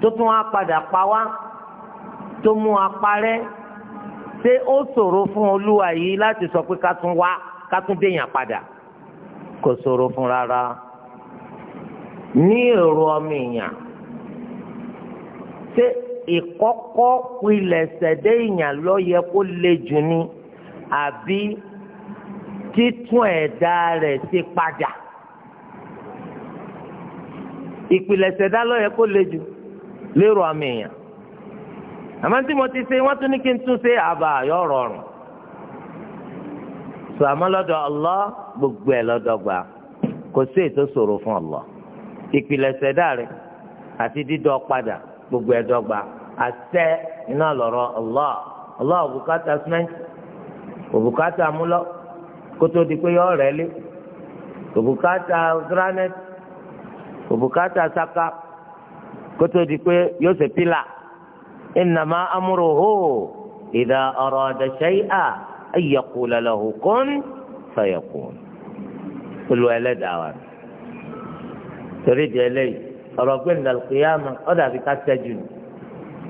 tó tún wá padà pa wá. tó mú aparẹ́ ṣé ó ṣòro fún olúwa yìí láti sọ pé ká tún wá ká tún déyàn padà kò ṣòro fún rárá ní èrò ọmọ èèyàn ṣé ìkọ́kọ́ pilẹ̀sẹ̀ déyàn ló yẹ kó le jù ni àbí títún ẹ̀dá rẹ̀ ṣe padà ìpilẹ̀sẹ̀ dá ló yẹ kó le jù lérò ọmọ èèyàn àmọ́ mo ti se wọ́n tún ní kí n tún ṣe àbá yọ rọrùn sọ àmọ́ lọ́dọ̀ Allah gbogbo ẹ̀ lọ́dọ̀ gbà kò sí ètò ṣòro fún Allah ìpìlẹ̀ṣẹ̀ dáre àti dídọ̀ padà gbogbo ẹ̀ dọ́gba àṣẹ iná lọ́rọ̀ Allah Allah òbúkátà sìmẹ́ntì òbúkátà múlọ kótó di pé yọ rẹ̀ lé òbúkátà granite òbúkátà saka kótó di pé yóò ṣe pílà. إنما أمره إذا أراد شيئا أن يقول له كن فيكون الولد أوان تريد إليه ربنا القيامة هذا بك سجن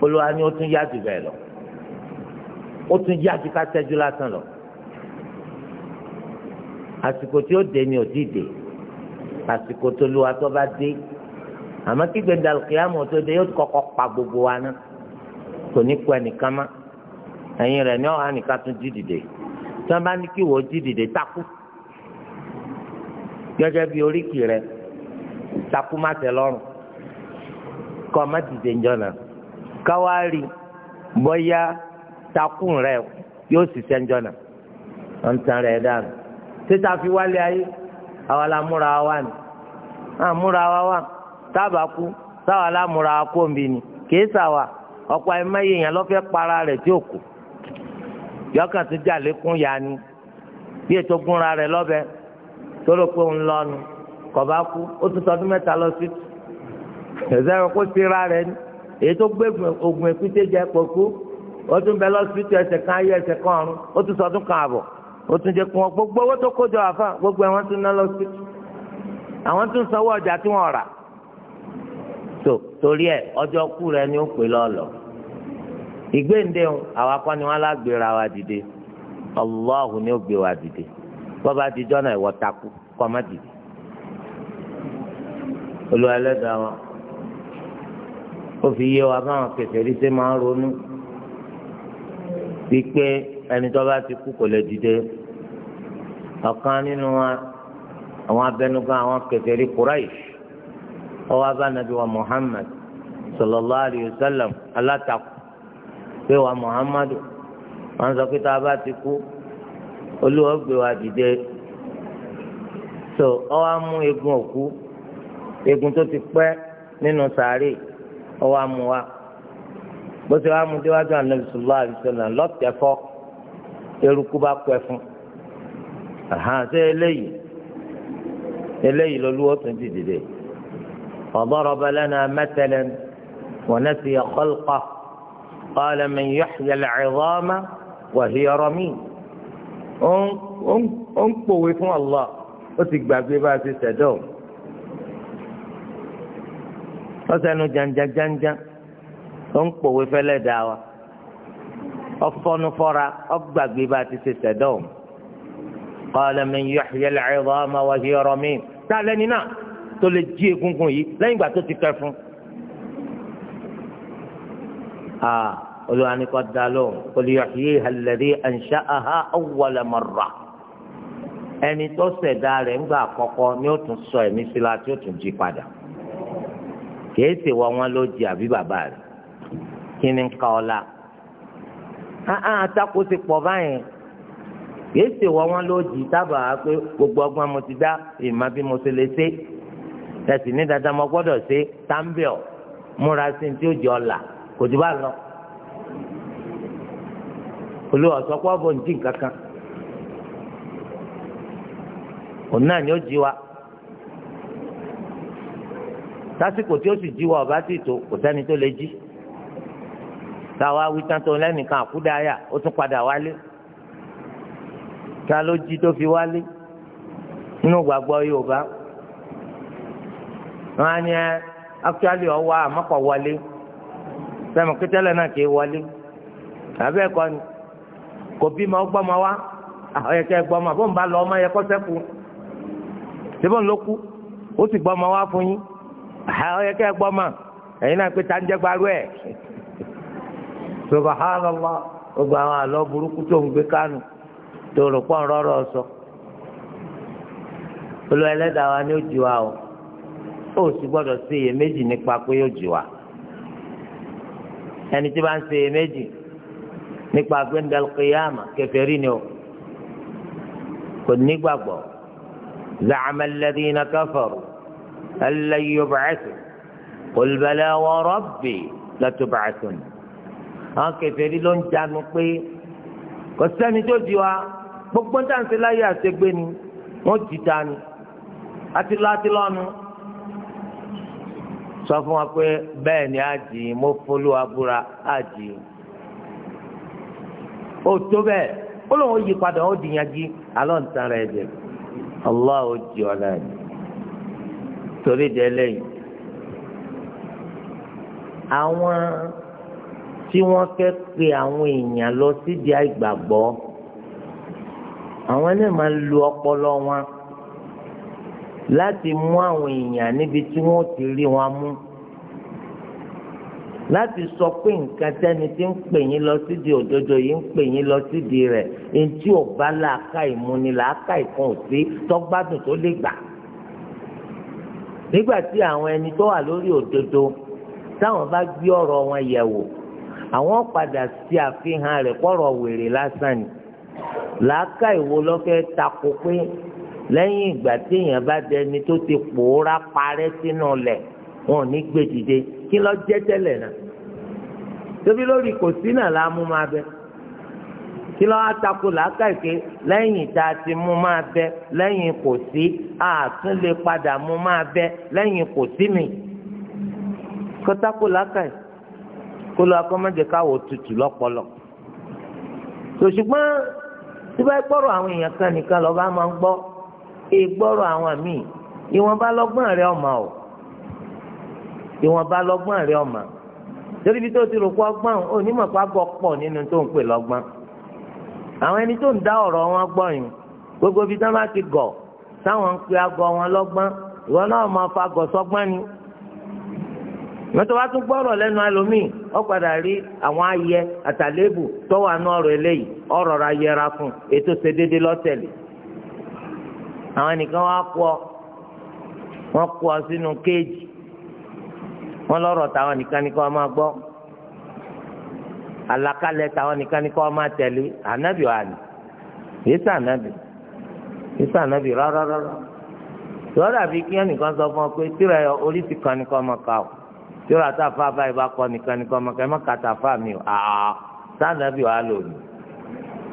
قلوا أن يوتن ياتي بيلو أوتن ياتي كاتجو لاتن لو àsìkò tí ó dé ni ò ti dé àsìkò tó lu wa tó bá dé àmọ́ kò ní kú ẹnìkan má ẹ̀yìn rẹ̀ ní ọ̀hán nìkan tún jí dìde tí wọ́n bá ní kí wọ́n jí dìde takú gẹ́gẹ́ bí oríkì rẹ̀ takú má tẹ lọ́rùn kọ́ má dìde ńjọ́ náà káwárí bọ́yá takú rẹ̀ yóò ṣiṣẹ́ ńjọ́ náà wọ́n tan rẹ̀ dànù títa fi wálé ayé àwa la wa ni àmúra wa wa tábà kú táwa la múra wa kó nbí ni kèé sàwà ọ̀pọ̀ àìmọye èèyàn lọ́fẹ́ para rẹ̀ tí ò kù yọkàn tó jà lékún ya ni bí ètò gúnra rẹ̀ lọ́bẹ tóró pé ń lọ́nu kọ̀bá kú ó tún tọdún mẹ́ta lọ sí ẹ̀sẹ̀ rẹ̀ kó sí ra rẹ̀ ni èyí tó gbé ògùn èkúté jẹ pọ̀ kú ó tún bẹ lọ sí ẹsẹ̀ kan ayé ẹsẹ̀ kan ọ̀run ó tún tọdún kan àbọ̀ ó tún jẹ kún wọn gbogbo owó tó kójọ àfa gbogbo ẹ̀ tún ná lọ sí àwọn tún sanwó ọjà tí wọ́n rà tó torí ẹ̀ ọjọ́ kú rẹ̀ ni ó pè lọ́ọ̀lọ́ọ̀ ìgbéǹde ń àwa kọ́ ni wọ́n lágbèrè àwa dìde Allahu ni ó gbé wa dìde bọ́ba dijọ́ náà ìwọ takú kọ́ má dìde Olúwa ẹlẹ́dàá wọn ó fi yé wa báwọn kèfèrí ṣe máa ń ronú wípé ẹni tó bá ti kú kò lè dìde ọ̀kan nínú wa àwọn abẹnugan àwọn kèfèrí Quraish ọwọ́ abánabi wa Muhammad sallallahu alayhi wa pé wa Muhammadu wọn sọ pé tá a bá ti kú olúwa gbé wa dìde so ọ wá mú egun òkú egun tó ti pẹ́ nínú sàárè ọ wá mú wa bó ti wá mú déwájú Ànábì sallallahu alaihi wasallam lọ́tẹ̀ẹ́fọ́ eruku bá pẹ́ fún hàn ṣé eléyìí eléyìí lolúwa tún ti dìde fa daraba lana matalan wa nasiya khalqahu. قال من يحيى العظام وهي رميم ó ń pòwe fún Allah ó ti gbàgbé bá a ti ṣẹ̀dá òun ó sẹ́nu jàǹjàǹjàǹjàǹ ó ń pòwe fẹ́lẹ́ dá wa ọfọnu fọra ọgbàgbé bá a ti ṣe ṣẹ̀dá òun qala man yuhyi al-'idhama wa hiya ramim tá a lẹ́ni náà tó lè jí egungun yìí lẹ́yìn ìgbà tó ti kẹ́ fún un olùwà ni kò dá lóhùn qul yuhyiha alladhi ansha'aha awwala marra ẹni tó ṣẹ̀dá rẹ̀ ńgbà àkọ́kọ́ ni ó tún sọ ẹ̀mí sí la tí ó tún jí padà kìí ṣe wọ wọn ló jí àbí bàbá rẹ̀ kí ni ń ka ọ la àtàkùn ti pọ̀ báyìí kìí ṣe wọ wọn ló jí tábà pé gbogbo ọgbọ́n mo ti dá ìmọ̀ bí mo ṣe lè ṣe tẹ̀sí ní dandan mo gbọ́dọ̀ ṣe tábìọ̀ múra sí ní ó jẹ́ ọ̀la. kò jù bá lọ olùwà sọ pé ọbọ kankan òun náà ni ó jí wa lásìkò tí ó sì jí wa ọba sì tó kò sẹ́ni tó lè jí wí tán tó lẹ́nìkan àkúdáyà ó tún padà wálé ta ló jí tó fi wálé nínú gbàgbọ́ Yorùbá wọn á ní actually ọwọ́ àmọ́kọ̀ wọlé. sẹ́mi kẹtẹ́lẹ̀ náà kì í wọlé àbẹ́ ẹ̀kọ́ ni kò bí ma ọgbọ́n ma wá àwọn ah, yẹ kẹ́ ẹ gbọ́n ma bó bá lọ ọmọ yẹ kọ́ sẹ́kù síbọ̀ ló kú ó sì gbọ́n ma wá fún yín àwọn ah, yẹ kẹ́ ẹ ma ẹ̀yin náà pé gbarú ẹ̀ gbogbo àwọn àlọ́ burúkú tó ń gbé kánú tó rò rọ́rọ́ sọ olú ẹlẹ́dàá o ó sì ẹni tí bá ń ṣe méjì nípa gbẹndẹl kìyàmà kèfèrí ni o kò nígbàgbọ́ za'ama alladhina kafaru allan yub'athu qul bala wa rabbi latub'athun àwọn kèfèrí ló ń jánu pé kò sẹ́ni tó di wa gbogbo ń tàn sí láyé àṣegbé ni wọ́n jìta ni àti lọ́ọ́ àti lọ́nu sọ fún wa pé bẹ́ẹ̀ ni a jì í mo folú abúra a jì í ó tó bẹ́ẹ̀ ó lóun yí padà ó dìyànjú alọ́ ń tan rẹ̀ jẹ Allah ó jì ọ́ náà torí de lẹ́yìn àwọn tí wọ́n fẹ́ pe àwọn èèyàn lọ sídìí àìgbàgbọ́ àwọn náà máa ń lu ọpọlọ wọn láti mú àwọn èèyàn níbi tí wọ́n ti rí wọn mú láti sọ pé nǹkan tẹ́ni tí ń pè yín lọ sídìí òdodo yìí ń pè yín lọ sídìí rẹ̀ etí ò bá làákà ìmúni làákà ìkan ò sí tọ́gbádùn tó lè gbà. nígbà tí àwọn ẹni tó wà lórí òdodo táwọn bá gbé ọ̀rọ̀ wọn yẹ̀ wò àwọn padà sí àfihàn rẹ̀ pọ̀rọ̀ wèrè lásán ni làákà ìwo lọ́fẹ́ takò pé lẹ́yìn ìgbà téèyàn bá dẹni tó ti pòórá parẹ́ sínú lẹ̀ wọn ò ní gbé dìde kí lọ jẹ́ tẹ́lẹ̀ náà tóbi lórí kò sí náà la mú máa bẹ kí lọ́ atako làákàyè lẹ́yìn tá a ti mú máa bẹ lẹ́yìn kò sí àtún lè padà mú máa bẹ lẹ́yìn kò sí mi kọ́tako làákàyè kó lọ́ akọ́mọ́jẹ tutù lọ́pọ̀lọ́ tòṣùgbọ́n tí gbọ́rọ̀ àwọn èèyàn kan nìkan lọ́ba máa ń gbọ́ ègbọ́rọ̀ àwọn míì ìwọ̀nba lọ́gbọ́n rẹ ọmọ o ìwọ̀nba lọ́gbọ́n rẹ ọmọ torí bí tó ti rò pé ọgbọ́n onímọ̀ pàgọ́ pọ̀ nínú tó ń pè lọ́gbọ́n àwọn ẹni tó ń dá ọ̀rọ̀ wọn gbọ́yìn gbogbo ibi tí wọ́n bá ti gọ̀ táwọn ń pe agọ wọn lọ́gbọ́n ìwọ náà máa fagọ̀ sọ́gbọ́n ni wọ́n tó bá tún gbọ́rọ̀ lẹ́nu ẹlòmíì ó padà rí àwọn ayẹ àtàlébù tó wà ní ọ̀rọ̀ eléyìí ọ̀rọ̀ ra yẹra fún ètò ṣe déédéé lọ́tẹ̀lẹ̀ àwọn nìkan wá kú ọ wọ́n kú ọ sínú kéèjì wọ́n lọ́rọ̀ táwọn nìkan ni kò máa gbọ́ àlàkalẹ̀ táwọn nìkan ni kò máa tẹ̀lé ànábì wà ni, yíṣà ànábì yíṣà ànábì rárá rárá lọ́dà bíi kí ẹnìkan sọ fún ọ pé tíra orí ti kan ni kò máa kà ó tíra táfà báyìí bá kọ nìkan ni kò máa kà ẹ má kà táfà mi ò àá sáànábì wà lónìí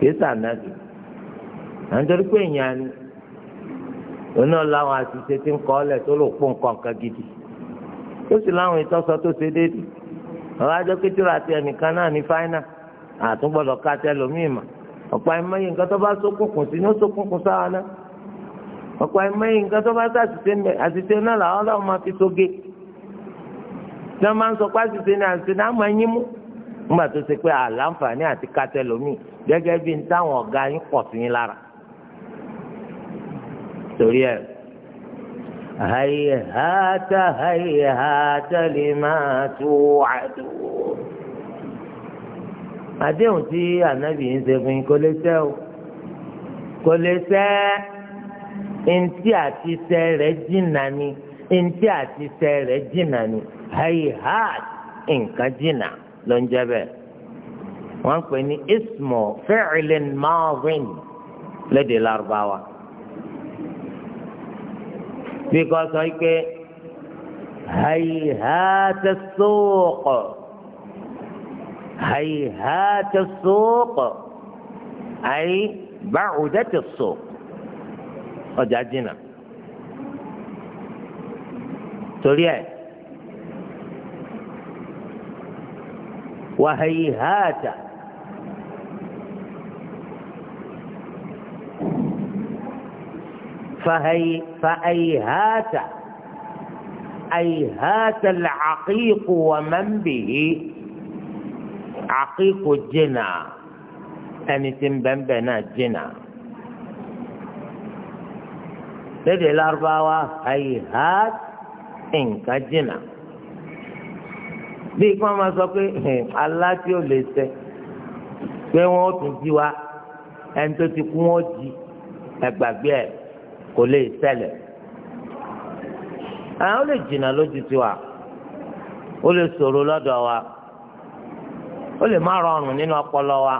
yíṣà ànábì à ń torí pé ìyẹn ni. òun náà láwọn ti ń kọ́ ọ́lẹ̀ tó lò pọ̀ nǹkan kan gidi ó sì láwọn ìtọ́sọ tó ṣe déédéé àwọn àjọ kéjìlá àti ẹnìkan náà ní fáínà àtúngbọ̀dọ̀ ká tẹ lómìn mà ọ̀pọ̀ ẹ̀mẹ́yìn nǹkan tó bá sókùnkùn sí ní ó sókùnkùn sára náà ọ̀pọ̀ ẹ̀mẹ́yìn nǹkan tó bá sàṣìṣe àṣìṣe náà làwọn ọlọ́run máa fi tí wọ́n máa ń sọ pé àṣìṣe ní àṣìṣe náà máa torí ẹ̀ hayhata hayhata lima tu'adun àdéhùn tí ànábì ń ṣe fún yín kò lè ṣẹ o kò lè ṣẹ ntí àti ṣẹ rẹ̀ jìnnà ni ntí àti ṣẹ rẹ̀ jìnnà ni hayhat nǹkan jìnnà ló ń jẹ́ bẹ́ẹ̀ wọ́n pè ní ismu fi'lin maadhin lédè Lárúbáwá. في بيكوز هيك هيهات السوق هيهات السوق أي بعدة السوق قد أجينا تولي وهيهات وهيهات فهي فأيهات أيهات العقيق ومن به عقيق الجنى ẹni tí ń bẹ́ńbẹ́ náà jìnnà. lédè lárúbáwá àyíhàt nǹkan jìnnà. bí kí wọ́n máa sọ pé alá tí ó lè ṣe pé wọ́n ó tún jí wa ẹni tó ti kú wọ́n jí ẹgbàgbé ẹ̀. kò lè ṣẹlẹ̀ àwọn lè jìnnà lójú tiwa ó lè ṣòro lọ́dọ̀ wa ó lè má rọrùn nínú ọpọlọ wa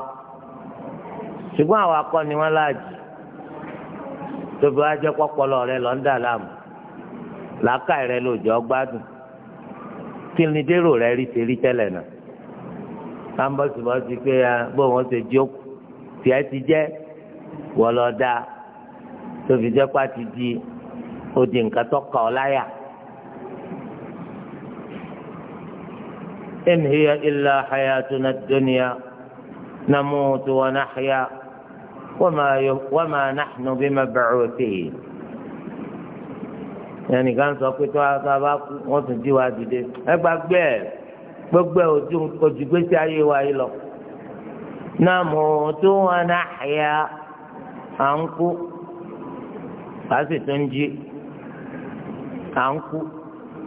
ṣùgbọ́n àwọn ni wọn láàjì tóbi wá jẹ́ pọ́pọlọ rẹ lọ láàmú làákàyè rẹ lòjọ́ gbádùn kí ni dérò rẹ rí ṣe rí tẹ́lẹ̀ náà ambọ̀sibọ̀ ti pé bó wọn ṣe jókòó tiẹ̀ ti je wọ́lọ́dá tóbi jẹ́ pa ti di odi nǹkan tó kà ọ́ láyà. إن هي إلا حياتنا الدنيا نموت ونحيا وما وما نحن بمبعوثين yẹnì kan sọ pé tó a bá kú wọn tún jí wa dìde ẹ gbàgbé ẹ gbogbo ojú ojúgbésí ayé wa yìí lọ. náà mò ń tún wọn náà yá à ń kú a sì tún jí à ń kú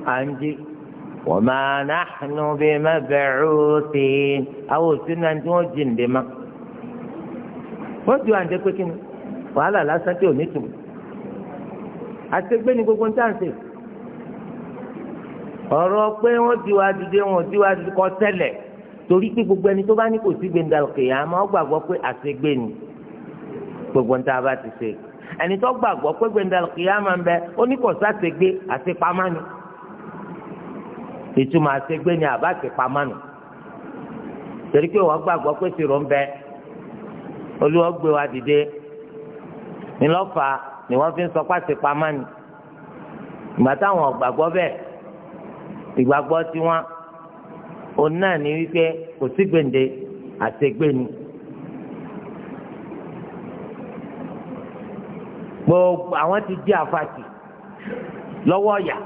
à ń jí wọ́n máa náhánú bí má bẹ̀rù sí i àwọn òsín náà tí wọ́n jí ǹdẹ́ ma wọ́n ju àǹdẹ́ pé kí ni wàhálà lásán tí ò ní tù àtẹgbẹ́ ni gbogbo ń tà ọ̀rọ̀ pé wọ́n ti wá dìde wọ́n ti wá dìde kọ́ tẹ́lẹ̀ torí pé gbogbo ẹni tó bá ní kò sí gbẹ̀ndàlùkè yà máa gbàgbọ́ pé àtẹgbẹ́ ni gbogbo ń tà ti sè ẹni tó gbàgbọ́ pé gbẹ̀ndàlù kìyàmà ń bẹ oníkọ̀ọ́sá ṣe gbé àṣepamá ìtumọ̀ àṣegbé ni àbá àṣepamá torí pé wọ́n gbàgbọ́ pé ṣirò ń bẹ olúwa gbé wa dìde ńlọ́fà ni wọ́n fi ń sọ ìgbà táwọn bẹ́ẹ̀ ìgbàgbọ́ tiwọn òun náà ni wípé kò ni. gbogbo àwọn ti jí àfàtì lọ́wọ́ ọ̀yà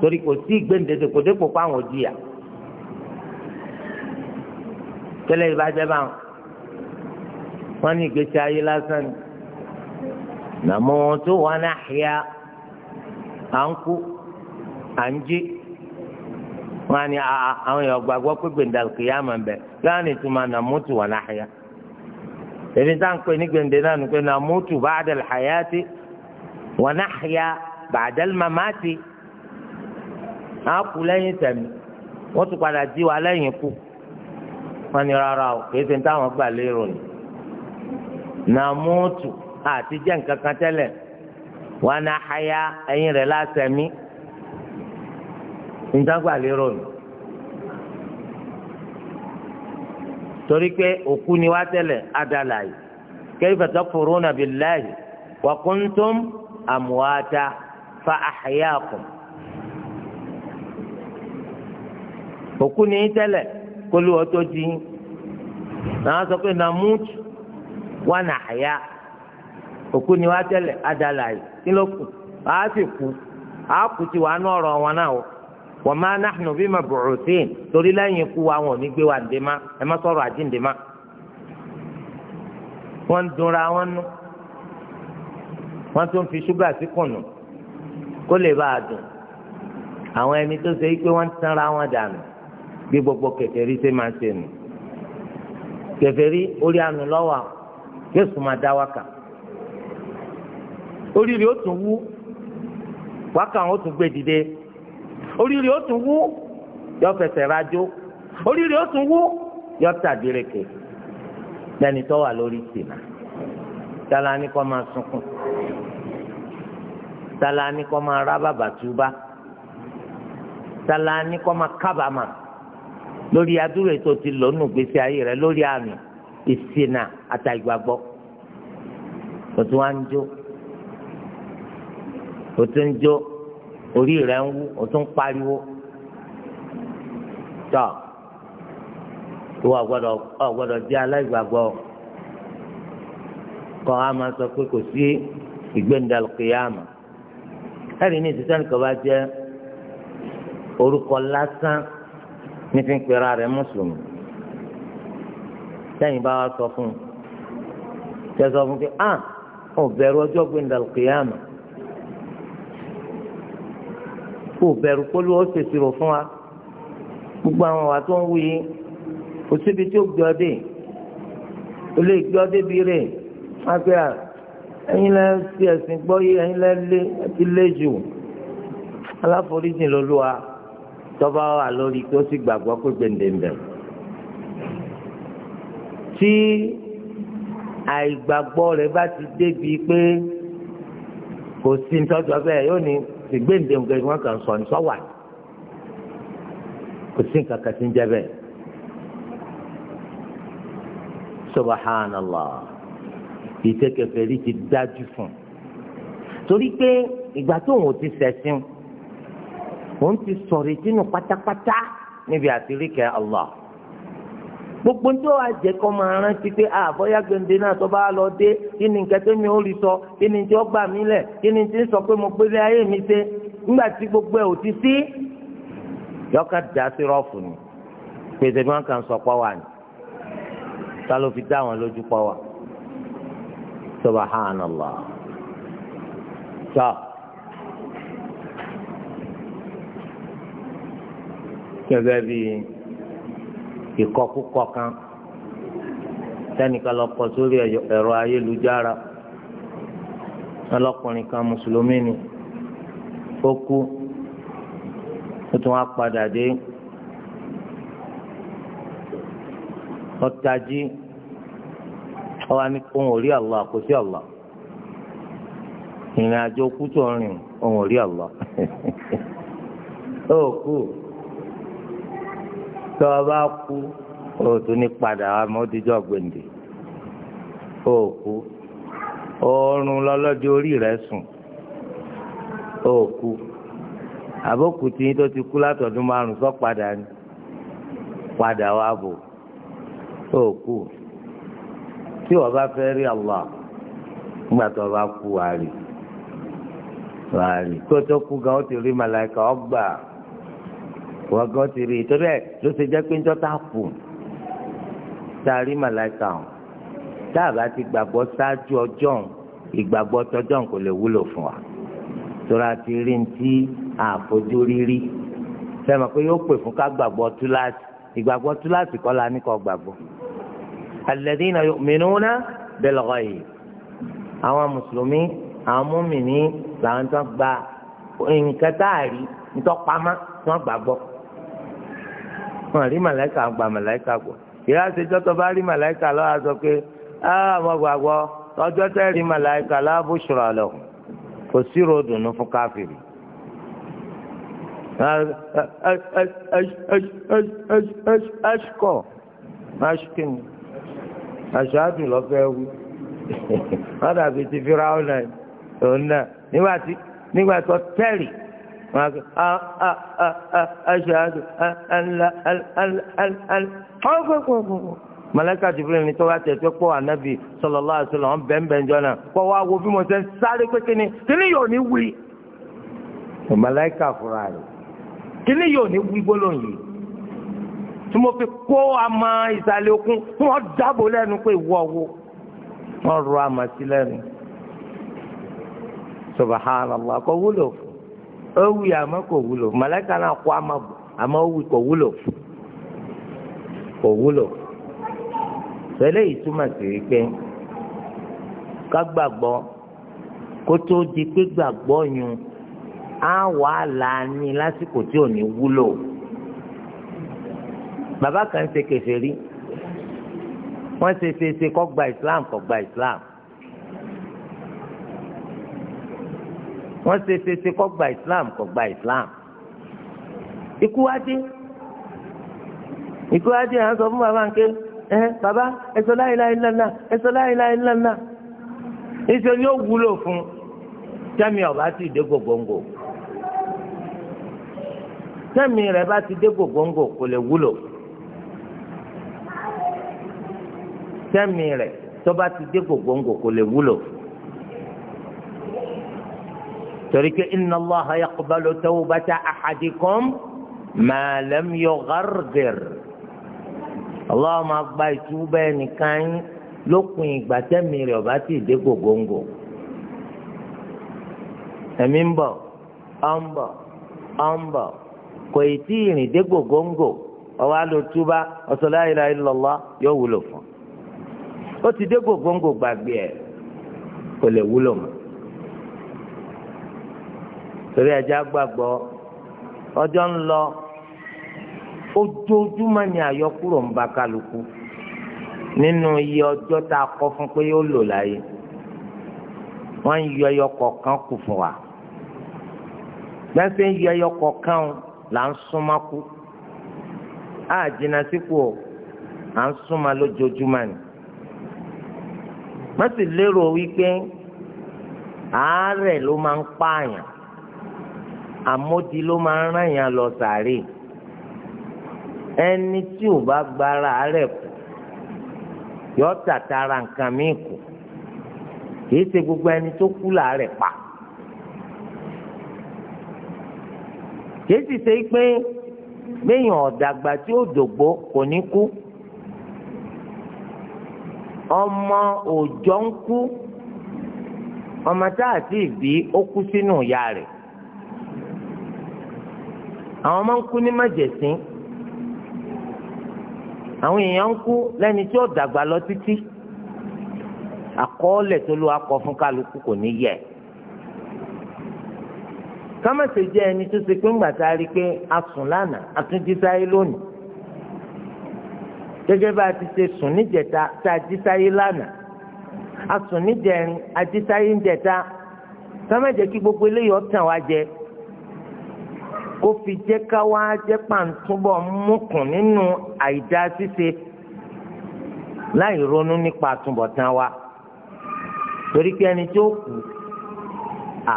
torí kò sí gbẹ̀ǹdẹ̀dẹ̀ kò dépò pa àwọn òjìyà tẹ́lẹ̀ ìbàjẹ́ bá wọn wọ́n ní ìgbésí ayé lásán ni nàmútu wa nahya à ń kú à ń jí wọ́n á ní àwọn èèyàn gbàgbọ́ pé gbẹ̀ǹdàkìyà máa ń bẹ̀ yóò ní ìtumọ̀ nàmútu wa nahya èmi tá à ń pè ní gbèǹde náà ni pé namutu ba'dal hayati wa nahya ba'dal mamati á kú lẹ́yìn tẹ̀mí wọ́n tún padà jí wa lẹ́yìn kú wọ́n ní rárá o kì í ṣe ní táwọn gbà lérò ni namutu àti jẹ́ nǹkan kan tẹ́lẹ̀ wa nahya ẹ̀yìn rẹ̀ lásẹ̀mí ní táwọn gbà lérò ni. torí pé òkú ni wá tẹ́lẹ̀ wa kuntum fa òkú ni yín tẹ́lẹ̀ kólú ọtọ́ di yín náà sọ pé namut wà nàáyà òkú ni wá tẹ́lẹ̀ adala kí ló kù àá sì kú àá kù ti wà á nọ̀rọ̀ wọn wa ma nahnu bi mab'uthin torí lẹ́yìn ikú wa wọn ò ní gbé wa ǹdè má ẹ má sọ̀rọ̀ àjíǹde má. wọ́n ń dunra wọn nú wọ́n tún fi ṣúgà sí kùnù kó lè bá a dùn àwọn ẹni tó ṣe pé wọ́n ń tanra wọn dànù bí gbogbo kèfèrí ṣe máa ṣe nù kèfèrí orí àánú lọ́wọ́ yéṣu máa dá wákà oríire ó tún wú wákà ó tún gbé dìde. oríire ó tún wú yọ fẹsẹ̀ rajó oríire ó tún wú yọ tàdíreke lẹni tó wà lórí ìsìnà tala ni kò máa sunkún tala ni kò máa rábà bàtúbà tala ni kò máa kábàámà lórí adúrò ètò ti lónù gbèsè ayé rẹ lórí àmì ìsìnà àtàgbàgbọ́ òtún wá ń jó òtún ń jó. orí rẹ̀ ń wú o tún pariwo tọ́ ìwọ ọ̀gbọ́dọ̀ ọ̀gbọ́dọ̀ jẹ́ aláìgbàgbọ́ kọ́ a máa sọ pé kò sí ìgbéǹdàlùkìyàmù ẹ̀rí ní ìtúsẹ́ nìkan bá jẹ́ orúkọ lásán ní fi ń pera rẹ̀ mùsùlùmí sẹ́yìn bá wa sọ fún un tẹ́ sọ fún un pé ah ò bẹ̀rù ọjọ́ gbéǹdàlùkìyàmù kò bẹ̀rù pólú ó ṣèṣirò fún wa gbogbo àwọn wà tó ń wí kò síbi tí ó gbé ọ dé ó lè gbé ọ débi rè á pé à ẹ̀yin lẹ fi ẹ̀sìn gbọ́ yé ẹ̀yin lẹ lé ẹtí lé jù aláforíjìn lolúwa tọ́ba wà lórí kí ó sì gbàgbọ́ pé gbèǹdéǹdè tí àìgbàgbọ́ rẹ̀ bá ti débi pé kò sí ní tọ́jú ọbẹ̀ yóò ní ìgbéǹde nǹkan ìwọ́n kan sọ ní sọ́wà ní kò sí nǹkan kan tí ń jẹ́ bẹ́ẹ̀ subahánàlá ìtẹ́kẹ̀fẹ́ rí ti dájú fún torí pé ìgbà tó òun ti sẹ̀sìn òun ti sọ̀rọ̀ ìtinú pátápátá níbi àtiríkẹ́ Allah gbogbo ní wàá jẹ kọ́ máa rántí pé a ah, bóyá gbèǹde náà tó bá lọ dé kí ni nǹkan tó mi ò rí sọ kí ni tí ó gbà mí lẹ̀ kí ni tí ń sọ pé mo gbélé ayé mi ṣe nígbà tí gbogbo ẹ̀ ò ti sí. yọkà dá sírọ́ọ̀fù ni pèsè bí wọ́n kàn sọ pọ́ wà ta ló fi dá wọn lójú pọ́ wà. subhanallah. So, gẹ́gẹ́ bíi ìkọkúkọ kan sẹ́nìkan lọ kọ sórí ẹ̀rọ ayélujára ọlọ́kùnrin kan mùsùlùmí ni ó kú ó tún wá padà dé ọ̀tají ọwọ́ ní òun ò rí Allah kò sí Allah ìrìn àjò kú rìn òun ò rí Allah ó kú. tó ọ bá kú o tún ní padà wà mọ́ díjọ́ o kú oorun lọ́lọ́dún orí rẹ̀ sùn o kú àbókù tí tó ti kú látọ̀dún márùn sọ padà padà bò o kú tí o bá fẹ́ rí Allah nígbà tó o bá kú wàá rí wàá rí tó tó wọ́gọ́ ti rí torí ẹ̀ ló ṣe jẹ́ pé ń jọ́ta kù tá a rí màláìka hàn tá a bá ti gbàgbọ́ ṣáájú ọjọ́ ìgbàgbọ́ tọjọ́ kò lè wúlò fún wa torí a ti rí ní ti àfojú rírí sẹ́mi pé yóò pè fún ká gbàgbọ́ túláàsì ìgbàgbọ́ túláàsì kọ́ la ní kọ́ gbàgbọ́ alladhina yu'minuna bil ghaib àwọn mùsùlùmí àwọn mùmìnì làwọn tó gba nǹkan tá ń tọ́ pamọ́ wọ́n gbàgbọ́ wọn rí màláìka gba màláìka gbọ́ ìyá àtijọ́ tó bá rí màláìka lọ́wọ́ àzọ pé àwọn gbàgbọ́ ọjọ́ tẹ́ rí màláìka láàbù ṣùrọ̀ lọ kò sí ròdùnú fún káfíìrì. aṣkọ aṣkìnì aṣáájú lọ́fẹ́ wí wọ́n dàbí ti fi ráúnà òun náà nígbà tí nígbà tó tẹ́rì wọn á kẹ a a a a aṣáájú ẹnlá ẹnlá ẹnlá ọgbọgbọgbọ mọlẹ́ka jibril ni tọ́wá tẹ̀ tó pọ̀ ànábì sallallahu alaihi wasallam bẹ́ẹ̀nbẹ́ẹ́ jọ náà kọ́ wá wo bí mo ṣe ń sáré pé kíni kíni yóò ní wí. mọlẹ́ka fúnra rẹ̀ kíni yóò ní wí gbólóhùn yìí tí mo fi kó àmà ìsàlẹ̀ òkun tí wọ́n dábò lẹ́nu pé ìwọ wo wọ́n rọ àmà sí lẹ́nu subhanallah kò wúlò fún ó wí àmọ́ kò wúlò màláìka náà kó àmọ́ àmọ́ ó wí kò wúlò kò wúlò pẹ̀lẹ́ yìí túmọ̀ sí pé ká gbàgbọ́ kó tó di pé gbàgbọ́ yun á wà á là á ní lásìkò tí ò ní wúlò bàbá kan ṣe kèfèrí wọ́n ṣe ṣe ṣe kó gba Islam kó gba Islam. wọ́n ṣe ṣe ṣe kọ́ gba islam kọ́ gba islam ikú wá dé ikú wá dé à ń sọ fún bàbá nké ẹ bàbá ẹsọ láìláì lánàá ẹsọ láìláì lánàá ìṣe ni ó wúlò fún tẹ́mi ọ̀bá ti dé gògóńgò tẹ́mi rẹ̀ bá ti dé gògóńgò kò lè wúlò tẹ́mi rẹ̀ tó bá ti dé gògóńgò kò lè wúlò fún torí pé inna Allaha yaqbalu tawbata ahadikum ma lam yughargir Allah máa gba ìtúbà ẹnìkan yín lópin ìgbà tẹ́mi rẹ̀ ọba ti dé gògóńgò ẹ̀mí ń bọ̀ ọ̀ ń bọ̀ ọ̀ ń bọ̀ kò ì tí ì rìn dé gògóńgò ọwọ́ àlò túbá ọ̀sọ̀lá ìlà ìlọ́lá yóò wúlò fún un ti dé gògóńgò gbàgbé ẹ̀ kò lè wúlò mọ́ torí ẹja gbàgbọ́ ọjọ́ ń lọ ojoojúmọ́ ni àyọkúrò ń ba nínú iye ọjọ́ tá a kọ fún pé yóò lò láyé wọ́n ń yọ ẹyọ kọ̀ọ̀kan kù fún wa gbẹ́sẹ̀ ń yọ ẹyọ kọ̀ọ̀kan là ń súnmọ́ kú á jìnnà sípò à ń súnmọ́ lójoojúmọ́ ni wọ́n sì lérò àmódi ló máa ń ràn yàn lọ sàárè ẹni tí ò bá gbára rẹ̀ kù yọ tàtàrà nǹkan míì kù kì í ṣe gbogbo ẹni tó kú làárẹ̀ pa kì í sì ṣe pé gbẹ̀yìn ọ̀dàgbà tí ó dògbò kò ní kú ọmọ òòjọ́ ń kú ọmọ tá ìbí ó kú sínú ìyá rẹ̀ àwọn ọmọ ń kú ní májèsín àwọn èèyàn ń kú tí ó dàgbà lọ títí tó ló akọ fún kálukú kò ní yẹ kámẹ́sì jẹ́ ẹni tó ṣe pé a rí i pé a sùn lánàá a tún jí sáyé lónìí gẹ́gẹ́ bá a ti ṣe sùn níjẹta tá a jí sáyé lánàá gbogbo eléyìí wá ó fi jẹ́ ká wá jẹ́ pàǹtúbọ̀ mùkùn nínú àìdá ṣíṣe láì ronú nípa àtúbọ̀tán wa torí pé ẹni tó kù à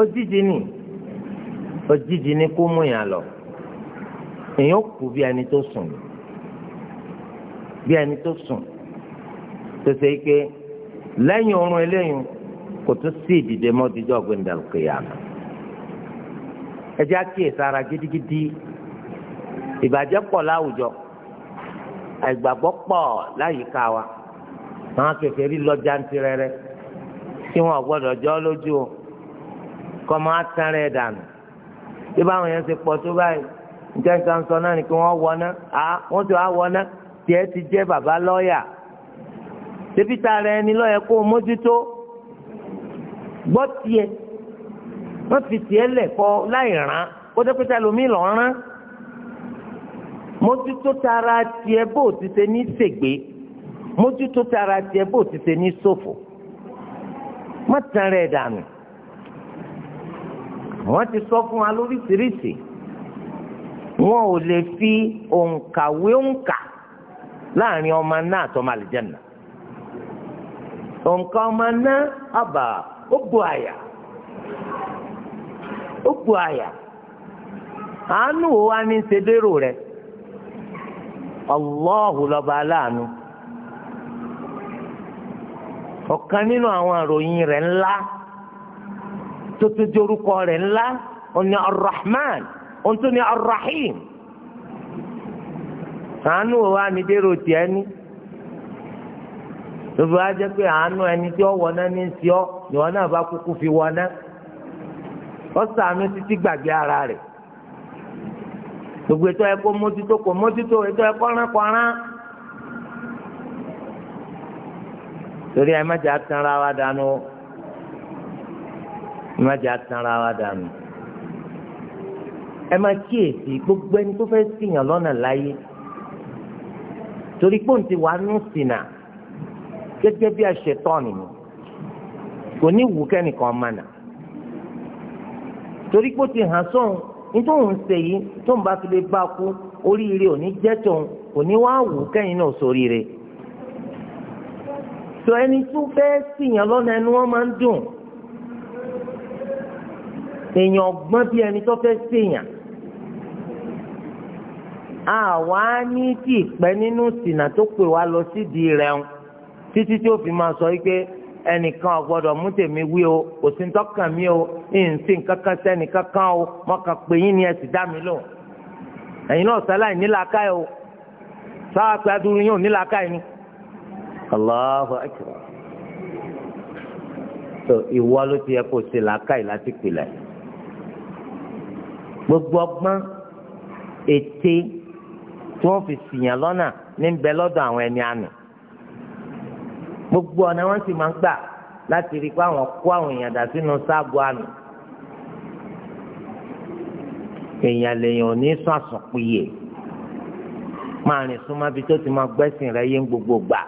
òjijì ni òjijì ni kó mú yàn lọ èèyàn kù bí ẹni tó sùn bí ẹni tó sùn tó ṣe pé lẹ́yìn oorun eléyìí kò tún sí ìdìde mọ́ dídọ́ gbẹ̀ndàlùkè yàrá ẹ jẹ́ àkíyèsára gidigidi ìbàjẹ́ pọ̀ láwùjọ àìgbàgbọ́ pọ̀ láyìíká wa àwọn kèfèrí lọ jantirẹrẹ tí wọn gbọ́dọ̀ jọ lójú o kọ́ máa tẹ́rẹ̀ ẹ̀ dànù bí báwọn yẹn ṣe pọ̀ tó báyìí njẹ́ nǹkan sọ náà ni kí wọ́n wọ ná à wọ́n ti wá wọ ná tiẹ̀ ti jẹ́ bàbá lọ́ọ̀yà débìtà rẹ ni lọ́ọ̀yà kó o mójútó gbọ́ tiẹ̀ wọ́n fi tiẹ̀ lẹ̀ kọ́ láì rán ó dé pété lomi lọ rán mójútó tara tiẹ̀ bó ti ṣe ní ṣègbè mójútó tara tiẹ̀ bó ti ṣe ní ṣòfò má tán rẹ̀ dànù wọ́n ti sọ fún wa lóríṣiríṣi wọn ò lè fi òǹkàwé òǹkà láàrin ọmọ náà àtọmọ àlìjẹnà òǹkà ọmọ náà àbà ó bu àyà ó bu àyà àánú wo wá ní sedérò rẹ Allahu lọ́ba aláàánú ọ̀kan nínú àwọn àròyìn rẹ̀ ńlá tó tó di orúkọ rẹ̀ ńlá ọ̀nà Ar-Rahman ọ̀ntún ni Ar-Rahim àánú wo wá ní dérò tiẹ̀ ní lọ́ba á jẹ́ pé àánú ẹni tí ó wọ̀ ní sí ọ ìwọ náà bá kúkú fi wọ̀ ọ̀sàánú títí gbàgbé ara rẹ̀ gbogbo ètò ẹ̀kọ́ mójútó kò mójútó ètò ẹ̀kọ́ ránkọ̀rán torí ẹ má jẹ́ atanra wa dànù ẹ má jẹ́ atanra wa dànù ẹ má kíyèsí gbogbo ẹni tó fẹ́ ṣìyàn lọ́nà láyé torí pòun ti wà nù sínà gẹ́gẹ́ bí aṣetọ́ nìyẹn kò ní wù kẹ́nìkan mánà. torí pé ó ti hàn sóhun nítorí òun ṣe yìí tóun bá fi lè bá kú oríire òní jẹ́ tóun òní wá wù kẹ́yìn náà sóríire sọ ẹni tó fẹ́ sìyàn lọ́nà ẹnu wọn máa ń dùn èèyàn ọgbọ́n bíi ẹni tó fẹ́ sèèyàn àwa ní kí ìpẹ́ nínú ìsìnà tó pè wá lọ sídìí rẹ̀ ń títí tí ó fi máa sọ wípé ẹnìkan ọ̀gbọ́dọ̀ mú tèmi wí o kò sí tọ́kàn mi o ìǹsì kankan sẹ́ni kankan o mọ̀kàn pé yín ni ẹ sì dá mi lò ẹ̀yin náà sẹ́láì nílàáká o sáà pé adúrú yín ò nílàáká yín. Allahu akbar. so ìwọ ló ti yẹ kó ṣe làákàyè láti pilẹ̀ gbogbo ọgbọ́n ète tí wọ́n fi ṣìyàn lọ́nà ní bẹ lọ́dọ̀ àwọn ẹni àná. gbogbo ọ̀nà wọn sì máa ń gbà láti rí i pé àwọn kó àwọn èèyàn dà sínú sáàgọ́ àmì èèyàn lèèyàn ò ní sọ máa rìn ti máa gbẹ́sìn rẹ yé gbogbo gbà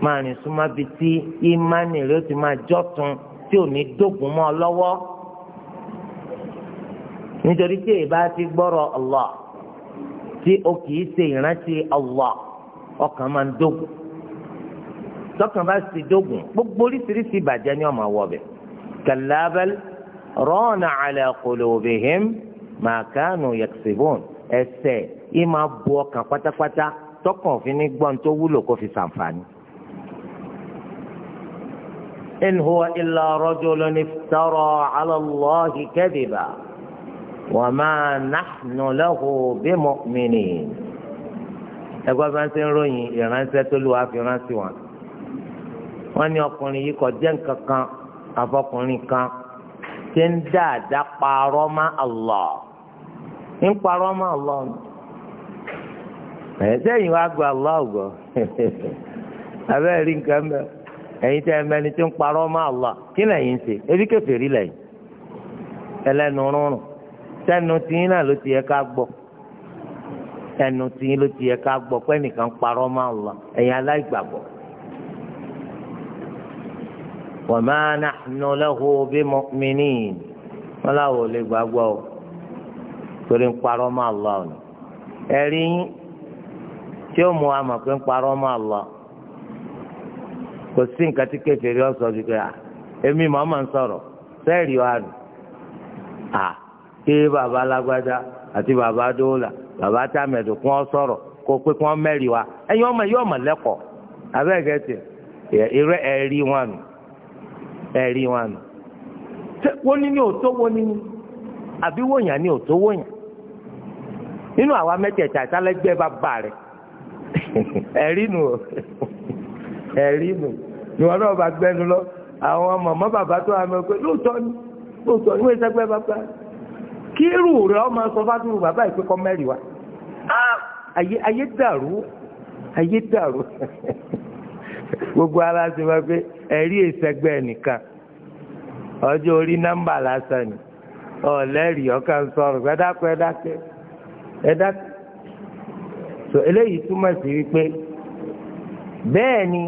máa rìn súnmọ́ tí ti máa jọ́tun tí ò ní mọ́ ọ lọ́wọ́ nítorí tí èèbá ti gbọ́rọ̀ o kì í ṣe ìrántí ọkàn máa ń tọkàn bá sì dógùn gbogbo oríṣiríṣi ìbàjẹ́ ni ọmọ wọ bẹ̀. kàlábẹ́l rọ́ọ̀nà àlẹ́ qulubihim ma kanu yaksibun ẹsẹ̀ yìí máa bu ọkàn pátápátá tọkàn òfin ní gbọ́n tó wúlò kó fi sàǹfààní. in huwa illa rajulun iftara ala Allahi kadhiba wa ma nahnu lahu bimu'minin. ẹgbẹ́ bá ń ṣe ń ròyìn ìránṣẹ́ tó lù wá fi ránṣẹ́ wọn. wọn ní ọkùnrin yìí kò jẹ́ nǹkan kan kan ṣe ń dáadáa parọ́ mọ́ Allah ń parọ́ mọ́ Allah ẹ̀ sẹ́yìn wá gba Allah gbọ́ abẹ́ nǹkan bẹ́ẹ̀ ẹ̀yin tẹ́ ẹ mẹ́ni tí ń parọ́ mọ́ kí lẹ́yìn ebi lẹ́yìn ẹlẹ́nu rúnrún sẹ́nu tìyín náà ló ti yẹ ká gbọ́ tìyín ló ti yẹ ká gbọ́ wa ma nahnu lahu bimu'minin wọn làwọn ò lè gbàgbọ́ o torí ń parọ́ mọ́ Allah ni ẹ̀rí yín tí ó mú wa mọ̀ pé ń parọ́ mọ́ Allah kò sí nǹkan tí kèfèrí ọ̀sọ̀ ju pé èmi màmá ń sọ̀rọ̀ sẹ́ẹ̀rì wa nù à kí bàbá alágbádá àti bàbá dóòlà bàbá tàmẹ̀dù kún ọ sọ̀rọ̀ kó pé kún ọ mẹ́rì wa ẹ̀yin ọmọ yìí ọmọ lẹ́kọ̀ọ́ ẹ̀rí wọn ẹ̀rí wọn nù wọ́n ní ní òótọ́ wọ́n ní ní àbí wòyàn ní òótọ́ wòyàn nínú àwa mẹ́tẹ̀ẹ̀ta ìtàlẹ́gbẹ́ bá bà rẹ̀ ẹ̀rí nù ẹ̀rí nù ìwọ náà bá gbẹnu lọ àwọn màmá bàbá tó àmọ́ pé lóòótọ́ ni lóòótọ́ ni wọ́n ìṣẹ́gbẹ́ bàbá kí irú rẹ̀ ọmọ sọ fásitì bàbá ìpè kọ́ mẹ́rin wa ah, ayé ayé dàrú ayé dàrú gbogbo ara ti wá pé ẹ̀rí ìsẹ̀gbẹ́ nìkan ọjọ́ orí nọ́mbà lásán ni ọ̀lẹ́rì ọ̀kan sọ̀rọ̀ ẹ̀dákọ̀ ẹ̀dákẹ́ ẹ̀dákẹ́ so eléyìí túmọ̀ sí wípé bẹ́ẹ̀ ni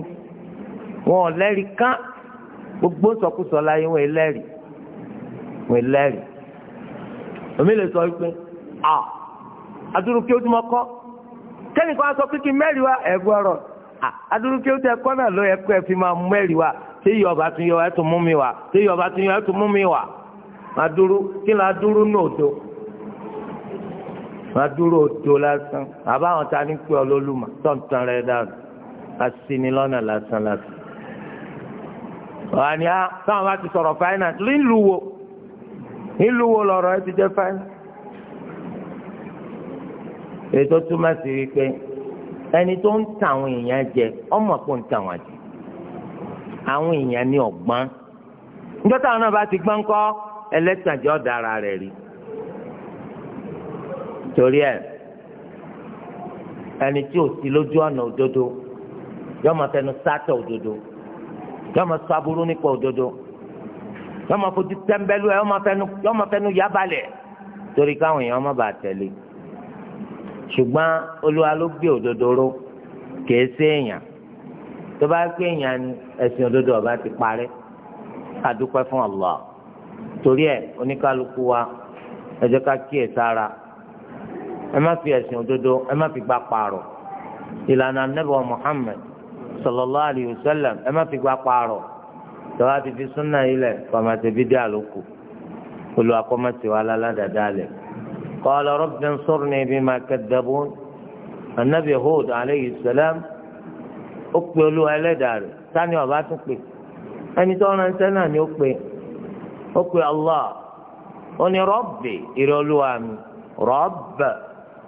wọn ọ̀lẹ́rì kán gbogbo sọkúsọ láyé wọn ẹlẹ́rì wọn ẹlẹ́rì omi lè sọ wípé a adúrú kí ó tún kọ́ kẹ́nìkan á sọ mẹ́rin adúlùkẹ́ ó tẹ kọ́ náà ló kó ẹ fi máa mú ẹ̀rí wa tí ọba tún yọ ẹ tún mú mi wa tí ọba tún yọ ẹ mi wa dúró kí ni adúró náà do máa dúró do lásán àbáwọn ta ni pé ọlọ́lùmọ̀ tọ̀ntàn rẹ dànù lásán lásán ah, táwọn ti sọ̀rọ̀ finance nílùú wo nílùú wo lọ̀rọ̀ ẹ ti jẹ́ finance ètò túmọ̀ ẹni tó ń ta àwọn èèyàn jẹ ọmọ kò ń ta àwọn àwọn èèyàn ní ọgbọ́n níjọ́ táwọn náà bá ti gbọ́n kọ́ ẹlẹ́tàjẹ́ ọ̀dára rẹ̀ rí torí ẹ ẹni tí ò sí lójú ọ̀nà òdodo yọ ọmọ fẹnu sátọ òdodo yọ ọmọ sọ aburú nípa òdodo yọ ọmọ fojú tẹ́ńbẹ́lú ṣùgbọ́n olúwa ló gbé òdodo ró kìí ṣe èèyàn tó bá gbé èèyàn ni ẹ̀sìn òdodo ọba ti parẹ́ àdúpẹ́ fún Allah torí ẹ̀ oníkálukú wa ẹ ká kíyè sára ẹ má fi ẹ̀sìn òdodo ẹ má fi gbà pààrọ̀ ìlànà anábọ̀ Muhammad sallallahu alayhi wa fi fi súnà ilẹ̀ dé àlòkù قال رب انصرني بما كذبون النبي هود عليه السلام اقبلوا على دار ثاني وبعد اقبل ẹni tó ń ránṣẹ́ náà ni ó pe ó pe allah ó ní rọ́ọ̀bì ìrọ̀lúwa mi rọ́ọ̀bì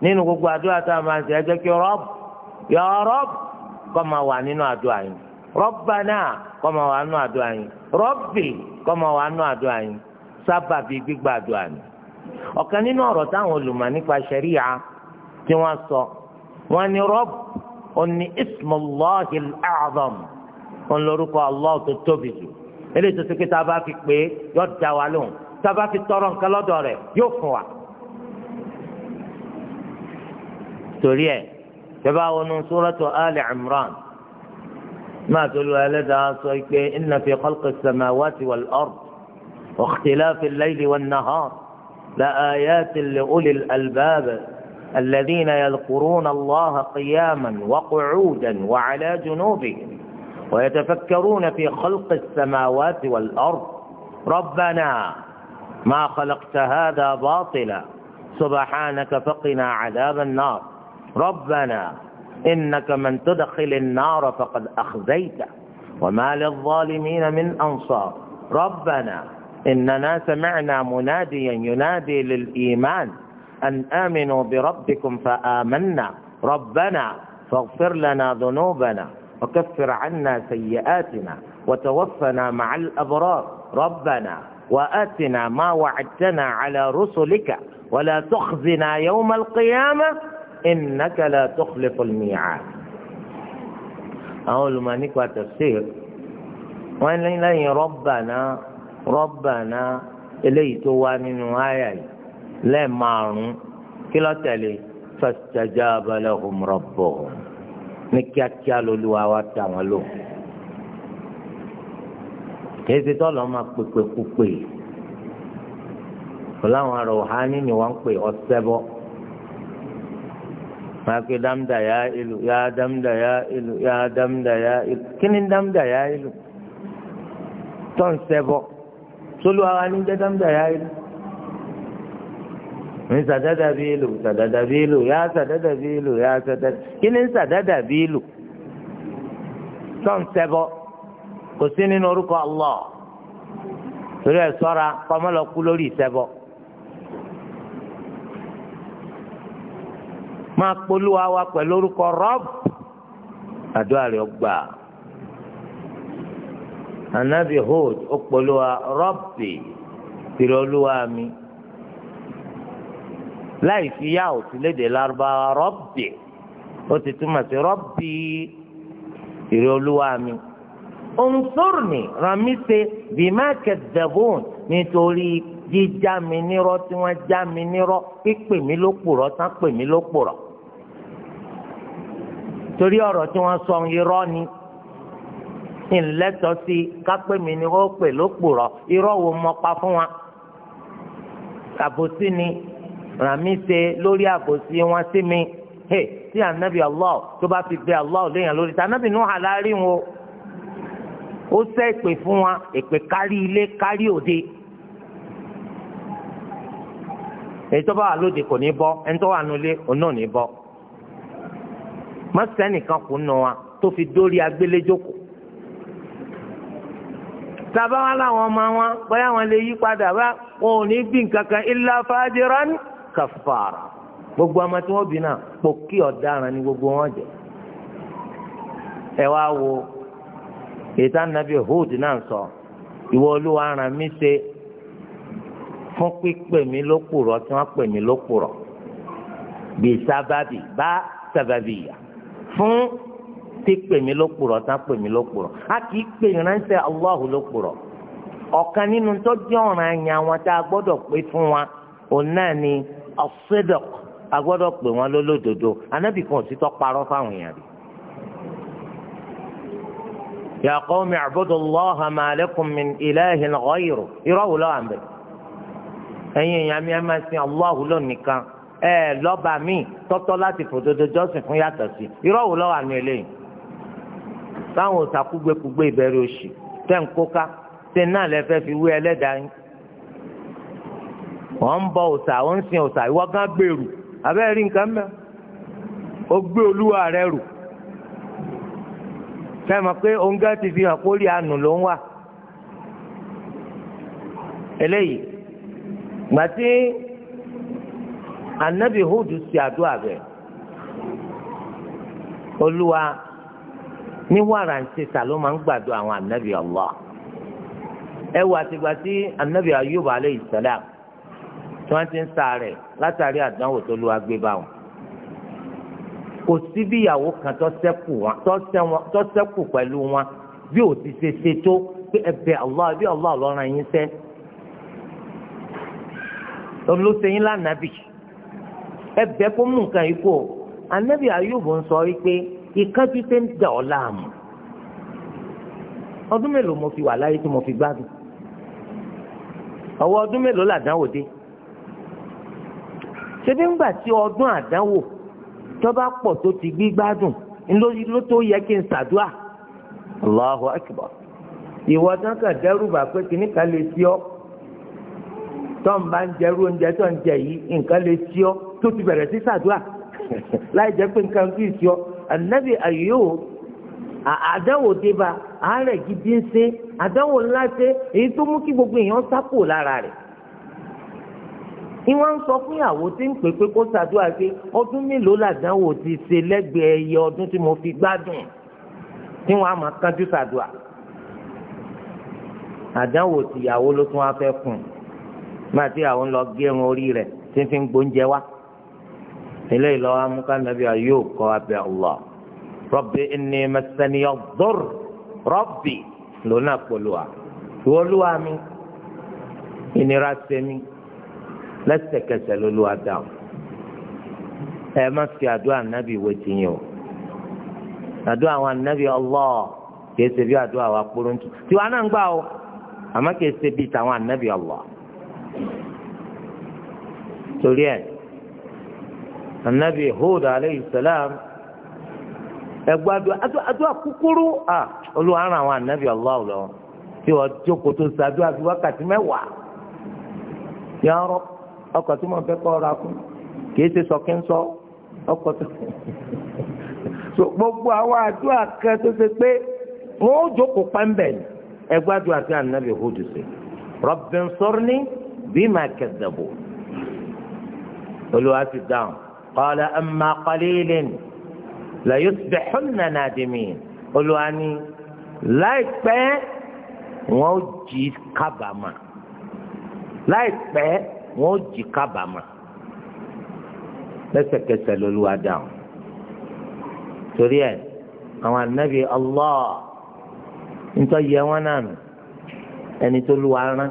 nínú gbogbo àdúrà tá a máa ṣe ẹ jẹ́ kí rọ́ọ̀bì yọ rọ́ọ̀bì kọ́ máa wà nínú àdúrà yìí rọ́ọ̀bà náà kọ́ máa wà nínú àdúrà yìí rọ́ọ̀bì kọ́ máa wà nínú àdúrà yìí sábàbí gbígbà àdúrà yìí ọ̀kan nínú ọ̀rọ̀ táwọn olùmọ̀ nípa ṣẹ̀ríà tí wọ́n sọ wọ́n ní rọ́b òní ismullahi al-a'zam òun lórúkọ allah tó tóbi jù eléyìí tó ti pé tá a bá fi pé yóò dá wa lóhùn tá a bá fi tọrọ nǹkan lọ́dọ̀ rẹ̀ yóò fún wa. torí ẹ̀ tẹ́bá wọnú suratu ali imran máa tolú ẹlẹ́dàá sọ pé inna fi khalqi samawati wal ard wa ikhtilafi al-layli wan nahar. لآيات لأولي الألباب الذين يذكرون الله قياما وقعودا وعلى جنوبهم ويتفكرون في خلق السماوات والأرض ربنا ما خلقت هذا باطلا سبحانك فقنا عذاب النار ربنا إنك من تدخل النار فقد أخزيته وما للظالمين من أنصار ربنا إننا سمعنا مناديا ينادي للإيمان أن آمنوا بربكم فآمنا ربنا فاغفر لنا ذنوبنا وكفر عنا سيئاتنا وتوفنا مع الأبرار ربنا وآتنا ما وعدتنا على رسلك ولا تخزنا يوم القيامة إنك لا تخلف الميعاد أول ما نكوى تفسير وإن لين ربنا rọ́bànà eléyìí tó wá nínú àyà yìí lẹ́ẹ̀márùn-ún kí ló tẹ̀lé fastajaba lahum rabbuhum ní kíákíá lolúwa wa ta wọn lò kéésì máa pèpè púpè fúláwọn ará òhání ni wọ́n ń pè ọ̀sẹ́ máa pe dámdà ìlú yá dámdà ìlú yá dámdà ìlú kí ni dámdà ìlú tọ́ ń sẹ́ sólú ara ní jẹ́ dáńdà yá rí ní sàdádà bí èlò sàdádà bí èlò yá sàdádà bí èlò yá sàdádà kí ni sàdádà bí èlò sọ̀nsẹ́bọ̀ kò sí nínú orúkọ Allah torí ẹ̀ sọ́ra pamọ́lọ lórí ìṣẹ́bọ̀. máa polúwa wa pẹ̀lú orúkọ rọ́ọ̀bù àdúrà rẹ̀ gbà anabi hood ọpọlọwa rọbì tìrọlúwa mi láì fi yá òsì léde lárúbáwá rọbì ó ti túmọ̀ sí rọbì tìrọlúwa mi onsorni ramise bimakadabon nítorí jíjá mi nírọ́ tí wọ́n já mi nírọ́ pípè mí ló purọ́ tán pè mí ló purọ́ torí ọ̀rọ̀ tí wọ́n sọ irọ́ ni ńlẹ́tọ̀ọ́ sí kápẹ́ mi ni wọ́n pè lópùrọ̀ irọ́ wo mọ pa fún wa àbòsí ni ràmí ṣe lórí àbòsí wọn sí mi tí ànábì Allah tó bá fi bẹ Allah léèyàn lórí tí ànábì Nuh alárí wọn ó ṣẹ́ ìpè fún wa ìpè kárí ilé kárí òde. èyí tó bá wà lóde kò ní bọ́ ẹni tó wà nulẹ̀ òun náà ní bọ́ mọ́sẹ́nìkan kò nù wa tó fi dórí agbéléjókòó tàbá wọn làwọn ọmọ wọn bóyá wọn lè yí padà bá wọn ò ní bí nǹkan kan illa fajiran kàfàrà gbogbo ọmọ tí wọn bí náà pò kí ni gbogbo wọn jẹ ẹ wá wo ètò ànábì Hud náà sọ ìwọ olúwa ara mi ṣe fún pípè mí lókùrọ tí wọn pè mí lókùrọ bí sábàbí bá sábàbí fún tí pè mí lópùrọ́ tá pè mí lópùrọ́ a kì í pè ìránṣẹ́ Allahu lópùrọ́ ọ̀kan nínú tó jẹ́ ọ̀ràn àyàn àwọn tá a gbọ́dọ̀ pé fún wa òun ni as-sidq a gbọ́dọ̀ pè wọ́n lólódodo anábì kan òsì tó parọ́ fáwọn èèyàn rẹ̀. ya qawmi a'budu Allaha ma lakum min ilahin ghayruh irọ́ wò lọ́wọ́ àmì ẹ̀yin èèyàn mi ẹ máa sin Allahu lónìkan ẹ̀ lọ́ba mi tọ́tọ́ láti fòdodo jọ́sìn fún yàtọ̀ sí irọ́ wò lọ́wọ́ àmì eléyìí. àbáwọn òsàkúgbèkúgbè ìbẹ̀rẹ̀ òṣì tẹ̀ ń kóká tẹ̀ náà lẹ fẹ́ fi wé ẹlẹ́dàá yín. wọ́n ń bọ òsà wọ́n ń sin òsà ìwọ gán gbèrú abẹ́rẹ́ rí nǹkan mẹ́ o gbé olúwa rẹ rù fẹ́ mọ̀ pé oúnjẹ ti fi hàn kórìí àánú ló ń wà eléyìí gbàtí anabi Hud sí àdúrà bẹ olúwa ní wàrà ń ṣe sà ló máa ń Allah ẹ wà tìgbà tí anabi Ayub aleyhi salam tí wọ́n ti ń sa rẹ̀ látàrí àdánwò tó lu agbébá wọn kò sí bí ìyàwó kan tó wọn bí ò ti ṣe ṣe tó Allah bí Allah lọ́ràn yín sẹ́ olùsèyìn lánàbì kó mú nǹkan yìí kó anabi Ayub ń sọ ìkájú tẹ́ ń dà ọ́ láàmú ọdún mélòó mo fi wà láyé tí mo fi gbádùn ọwọ́ ọdún mélòó làdánwò dé ṣebí ńgbà tí ọdún àdánwò tó bá pọ̀ tó ti gbígbádùn ńlórí ló tó yẹ kí n ṣàdúà Allahu akbar ìwọ tán kà dẹ́rù bà pé kìnnìkan lè sí ọ tó ń bá ń jẹrú oúnjẹ tó ń jẹ yìí nǹkan lè sí ọ tó ti bẹ̀rẹ̀ sí ṣàdúà láì jẹ́ pé nǹkan kì í sí ọ anabi ayub àdánwò dé bá àárẹ̀ gidi ń ṣe àdánwò ńlá ṣe èyí tó mú kí gbogbo èèyàn sápò lára rẹ̀ ìwọ́n ń sọ fún ìyàwó tí ń pè pé kó ṣàdúrà pé ọdún mélòó làdánwò ti ṣe lẹ́gbẹ̀ẹ́ ẹyẹ ọdún tí mo fi gbádùn tí wọ́n á máa kánjú ṣàdúrà àdánwò tìyàwó ló tún wá fẹ́ kùn máa tí ìyàwó ń lọ gé irun orí rẹ̀ tí ń fi ń gbóúnjẹ wá eléyìí lọ́wọ́ amúká nàbí ayub kọ́ abẹ́ Allah rọ́bì ẹni mẹsàn-án dọ́r rọ́bì lónà pọ̀lùwà ìwọ́lúwa mi ìnira sẹ́mi lẹ́sẹ̀kẹsẹ̀ lọ́lúwa dáhùn ẹ má fi àdúrà nàbí ìwé tiyín o àdúrà àwọn nàbí Allah kìí ṣe bí àdúrà wa kúrú ntù tiwa náà ń gbà o àmọ́ kìí ṣe bí tàwọn ànábì Allah torí ẹ̀. anabi Hud aleyhi salam ẹgbẹ́ adúlá adúlá kúkúrú à olúwa anabi Allah lọ tí wọ́n jókòó tó sàdúrà bí wákàtí mẹ́wàá yàrá ọkọ̀ tí mo fẹ́ kọ́ ọ́ra kú kì í ṣe sọkínsọ ọkọ̀ tó so gbogbo àwọn àdúrà kan tó ṣe pé wọ́n ó jókòó pẹ́ńbẹ̀ ni surni qala amma qalilin la yusbihunna nadimin olúwa ni láìpẹ́ wọ́n jí kábàámà láìpẹ́ wọ́n jí kábàámà lẹ́sẹ̀kẹsẹ̀ lolúwa dáhùn torí ẹ̀ àwọn ànábì Allah nítorí yẹ wọn náà nù ẹni tó lu wa rán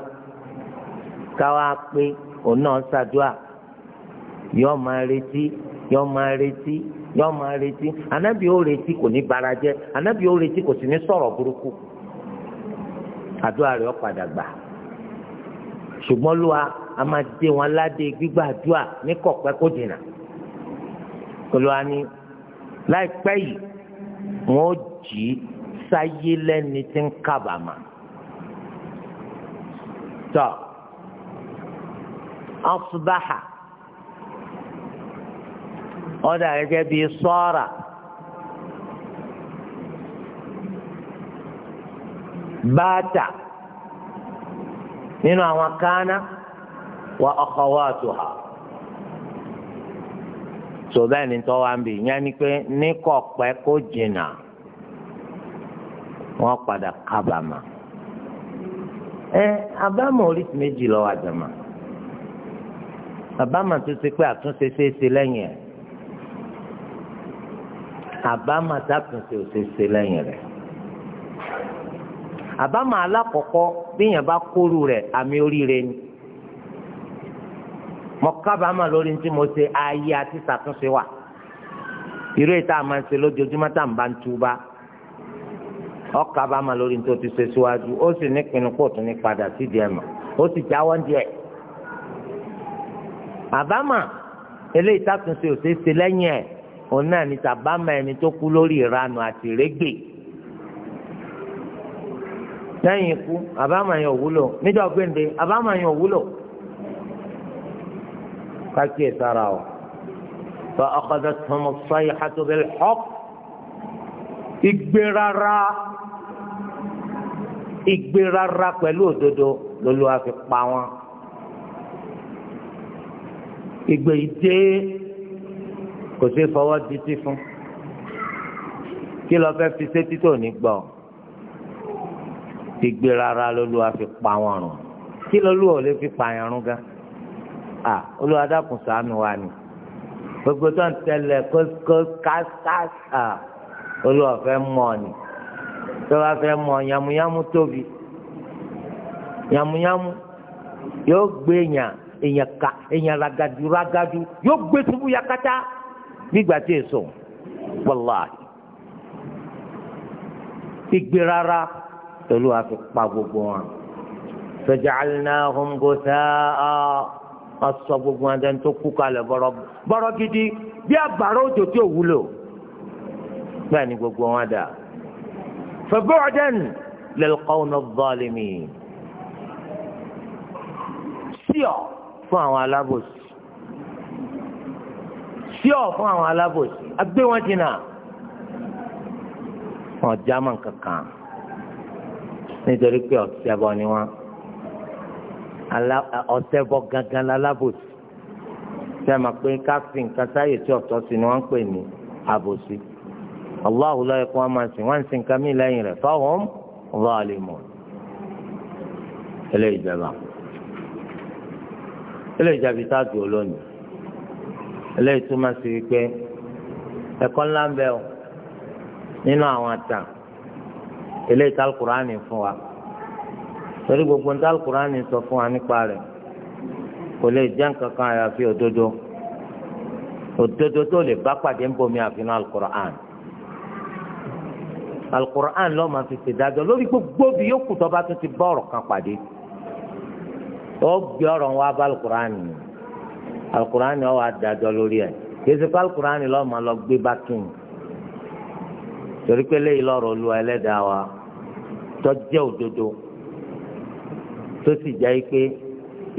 káwa pé òun náà ṣàdúrà yọ máa retí yọ máa retí yọ máa retí ànábì ó retí kò ní bara jẹ́ ànábì ó retí kò sì ní sọ̀rọ̀ burúkú àdúrà rẹ̀ ó padà gbà ṣùgbọ́n lóa a máa dé wọn ládé gbígbàdúrà ní kọ̀pẹ́ kó dènà olùwà ni láìpẹ́ yìí wọ́n jí sáyé lẹ́ni tí ń kábàámà tọ́ asbaha. ọ̀dà gẹ́gẹ́ bíi sọ́ọ̀rà bàtà nínú àwọn kánà wa akhawatuha tó bẹ́ẹ̀ ni tọ́ wa ń bì yẹn ni pé ní kò pẹ́ kó jìnnà wọ́n padà kábàámà ẹ àbámọ̀ oríṣi méjì lọ́wọ́ àjàmà àbámọ̀ tó ṣe pé àtúnṣe lẹ́yìn ẹ̀. àbámọ̀ dákùnṣe òṣèṣe lẹ́yìn rẹ̀ àbámọ̀ alákọ̀ọ́kọ́ bíyàn bá kóru rẹ̀ àmì oríire ni mo kábàámọ̀ lórí tí mo ṣe ayé àti ṣàtúnṣe wà irú ètò àmọ́ ṣe lójoojúmọ́ tá à ń bá ń túbá ọ kábàámọ̀ lórí tó ti ṣe síwájú ó sì ní pinnu kó tún ní padà sídìí ẹ̀mọ́ ó sì jáwọ́ díẹ̀ àbámọ̀ eléyìí ṣàtúnṣe òṣèṣe lẹ́yìn ẹ̀ òun náà ní tàbámà ẹni tó kú lórí ìranù àti rẹ́gbẹ̀ lẹ́yìn ikú àbámà yẹn ò wúlò níjọ́ gbẹ̀ǹde àbámà yẹn ò wúlò kákíyè sára o fa akhadathum as-sayhatu bil haqq ìgbérara ìgbérara pẹ̀lú òdodo lolúwa fi pa wọn ìgbè ìdè kò sí fọwọ́ dití fún kí lọ fẹ́ fi sétí tó ní gbọ́ ti gbé rárá lóluwà fi pa wọn rùn kí lóluwà ò lè fi pa yẹn rún gan à olúwa dákun ṣàánú wa ni gbogbo tó ń tẹ̀lé kókó kásásà olúwa fẹ́ mọ̀ ni tó bá fẹ́ mọ̀ yàmùyàmù tóbi yàmùyàmù yóò gbé èèyàn èèyàn ka èèyàn ragadu ragadu yóò gbé tubu yakata gbígbà tí èso wàláhì igbe rárá pẹ̀lú àfi pa gbogbo wọn faja'alnahum ghutha'an ọsọ gbogbo wọn dẹni tó kú kalẹ̀ bọ̀rọ̀ bọ̀rọ̀ gidi bí àgbàrá òjò tí ò wúlò bẹ́ẹ̀ ni gbogbo wọn dà fabu'dan lil qawmi adh-dhalimin síọ̀ fún àwọn alábòsí ṣíọ̀ fún àwọn alábòsí agbé wọn jìnnà wọn jámọ̀ kankan nítorí pé ọ̀sẹ̀bọ ni wọn ọ̀sẹ̀bọ gangan lálábòsí sẹ́mi pé káfíń kásáyè tí ọ̀tọ̀ sí ni wọ́n ń pè ní àbòsí Allahu la yakun máa sìn wọ́n ń sìn kámi lẹ́yìn rẹ̀ fáwọn zalimun ilé ìjọba ilé ìjọba ìtajà olónìí eléyìí túmọ̀ sí wípé ẹ̀kọ́ ńlá ń bẹ o nínú àwọn àtàn eléyìí tí alukurani fún wa torí gbogbo ní tí alukurani sọ fún wa nípa rẹ̀ kò lè jẹ́ nǹkan kan àyàfi òdodo òdodo tó lè bá pàdé ń bomi àfihàn alukurani alukur'an lọ́ọ́ máa fi ṣèdájọ́ lórí gbogbo bí yóò tó bá tún ti bá ọ̀rọ̀ kan pàdé ó gbé ọ̀rọ̀ wọn abá alukur'an nìyẹn alukurani ọwọ adájọ́ lórí ɛ yéésù pé alukurani lọọ ma lọ gbé bákìn torí pé léyìí lọ́rọ̀ lu Ẹlẹ́dàá wa tó òdodo tó sì jẹ́ ikpe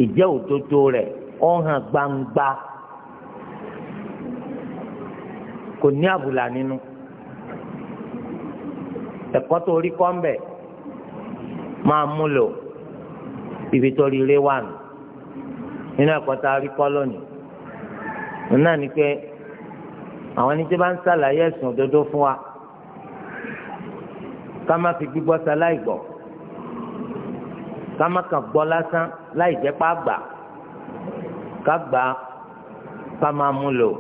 ìjẹ́ òdodo rẹ̀ ó gbangba kò ní àbùlà nínú ẹ̀kọ́ tó rí kọ́ńbẹ̀ máa ibi tó nínú àkọ́tà àríkọ́ lónìí òun náà ni pé àwọn ẹni tí bá ń ṣàlàyé ẹ̀sùn òdodo fún wa ká má fi gbígbọ́ sa láì gbọ́ ká má kàn gbọ́ lásán láì jẹ́ pá gbà ká gbà ká máa mú lò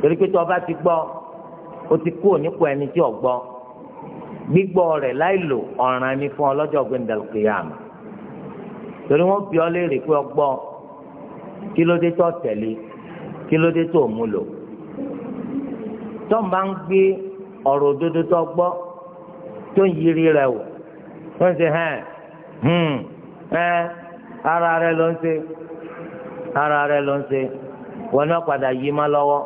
torí pé tí ọba ti gbọ́ ó ti kú ònípò ẹni tí ò gbọ́ gbígbọ́ rẹ̀ láì lò ọ̀ràn ni fún ọlọ́jọ́ gbẹ̀ndàlùkìyàmù torí wọ́n fi ọ léèrè pé ọgbọ́n kí ló dé tó tẹ̀lé kí ló dé tó mú lò tó ń bá ń gbé ọ̀rọ̀ òdodo tó gbọ́ tó ń yiri rẹ̀ wò tó ń ṣe hàn hùn hmm, ẹ́ ara rẹ̀ ló ń ṣe ara rẹ̀ ló ń ṣe wọn náà padà yí má lọ́wọ́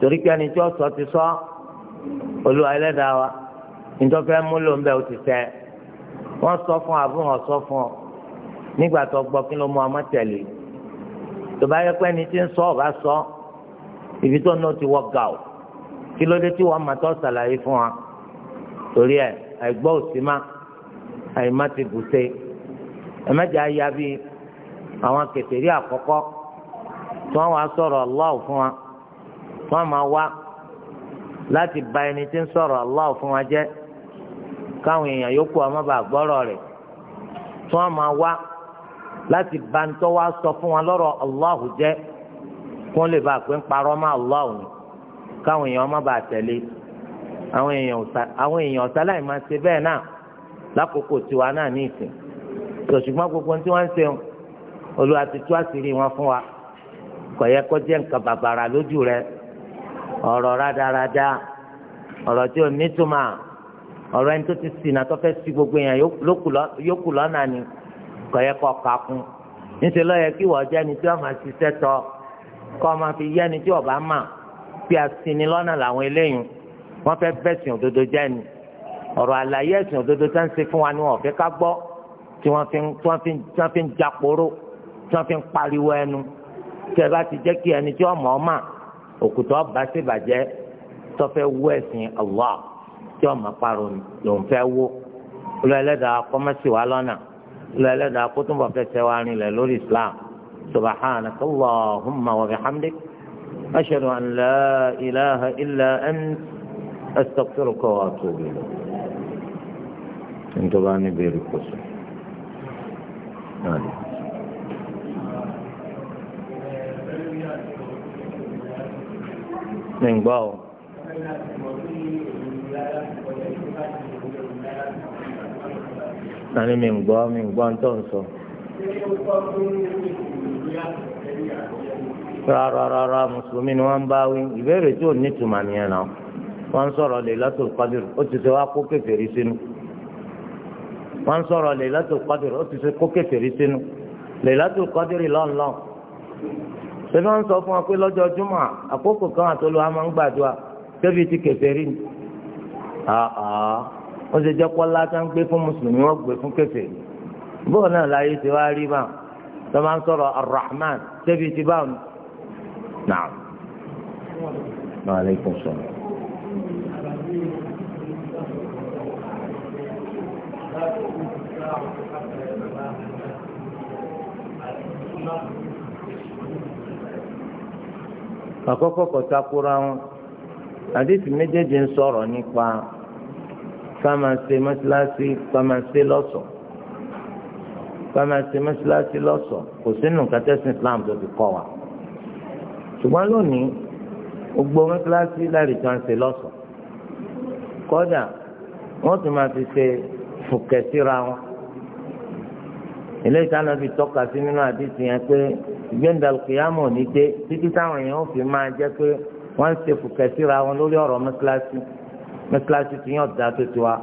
torí pé ẹni tí ó sọ ti sọ olúwa ẹlẹ́dàá wa nítorí fẹ́ múlò ń bẹ̀ ó ti tẹ̀ wọ́n sọ fún àbúrò sọ fún ọ nígbà tó gbọ́ kí ló mú ọmọ tẹ̀lé tó bá yẹ pé ẹni tí ń sọ ọba sọ ibi tó náà ti wọ ga o kí ló dé tí wọ́n máa tọ́ ṣàlàyé fún wa torí ẹ àìgbọ́ òsì má àìmá ti bùṣe ẹ̀mẹ́jẹ̀ ayá bíi àwọn kẹtẹ̀rí àkọ́kọ́ tí wọ́n wá sọ̀rọ̀ Allah fún wa wọ́n máa wá láti ba ẹni tí ń sọ̀rọ̀ Allah fún wa jẹ́ káwọn èèyàn yòókù ọmọ bá gbọ́rọ̀ rẹ̀ tí wọ́n máa wá láti bá ń tọ́ wá sọ fún wọn lọ́rọ̀ Allahu jẹ́ kí wọ́n lè bá a pé ń parọ́ mọ́ Allahu ni káwọn èèyàn má bàa tẹ̀lé àwọn èèyàn ọ̀sá láì máa ṣe bẹ́ẹ̀ náà lákòókò tiwa náà ní ìsìn ṣùgbọ́n gbogbo tí wọ́n ń ṣe Olúwa ti tú àṣírí wọn fún wa kò yẹ kó jẹ́ nǹkan bàbàrà lójú rẹ ọ̀rọ̀ rádaràda ọ̀rọ̀ tí ò nítumọ̀ ọ̀rọ̀ ẹni tó ti sìn náà tó fẹ́ sí gbogbo èèyàn yókù lọ́nà ni kọyẹ kọ kakún níṣẹ lọyẹ kí wọ́n jẹ́ ni tí wọ́n máa ṣiṣẹ́ tọ kọ máa fi yẹ ni tí wọ́n bá mà bí asini lọ́nà làwọn eléyìí wọ́n fẹ́ bẹsìn òdodo jẹ́ ni ọ̀rọ̀ àlàyé ẹ̀sìn òdodo tá ń ṣe fún wa ni wọ́n fẹ́ ká gbọ́ tí wọ́n fi tí wọ́n fi tí wọ́n fi ń jàporó tí wọ́n fi ń pariwo ẹnu tí ẹ bá ti jẹ́ kí ẹni tí wọ́n mọ̀ ọ́ mà òkùtọ ọba ṣe bàjẹ́ tó fẹ́ wú ẹ̀sìn Allah tí wọ́n mọ̀ parọ lòún fẹ́ wó olú ẹlẹ́dàá kọmẹsì wa lọ́nà. دا قطب في الثواني للول الإسلام سبحانك اللهم وبحمدك أشهد أن لا إله إلا أنت أستغفرك وأتوب إليك انت باني بيرك من باو kan ní mi ń gbọ́ mi ń gbọ́ ń tó ń sọ. rárá rárá mùsùlùmí ni wọ́n ń bá wí ìbéèrè tí ò ní tùmọ̀ nìyẹn náà wọ́n ń sọ̀rọ̀ Lailatul Qadr ó ti ṣe wá kó kèfèrí sínú wọ́n ń sọ̀rọ̀ Lailatul Qadr ó ti ṣe kó kèfèrí sínú Lailatul Qadr lọ́nlọ́n ṣebí wọ́n ń sọ fún wa pé lọ́jọ́ júmọ̀ àkókò kan àtolú máa ń gbàdúrà débi ti kèfèrí ni ó ṣe jẹ́ pọ́lá tá ń gbé fún mùsùlùmí wọ́n gbé fún kèfèrí bóun náà láyé ti wá rí bá tó máa ń sọ̀rọ̀ arahman tẹ́bi ti bá wọn. naam maaleykum salaam. wọn àdéhùn méjèèjì ń sọ̀rọ̀ nípa kámasẹ mọ́sálásí kámasẹ lọ́sọ̀ kámasẹ mọ́sálásí lọ́sọ̀ kò sínú kẹtẹ́sìn Islam tó fi kọ́ wa ṣùgbọ́n lónìí gbogbo mọ́sálásí láti tó ń ṣe lọ́sọ̀ kọ́dà wọ́n tún máa fi ṣe fòkè síra wọn eléyìí táwọn fi tọ́ka sí nínú àdìsí yẹn pé gbẹ̀ndàlùkìyàmù ní dé títí táwọn èèyàn fi máa jẹ́ pé wọ́n ń ṣe fòkè síra wọn lórí ọ̀rọ̀ mọ́sálásí mẹsàlásì tìyẹn ọ̀dà tó ti wa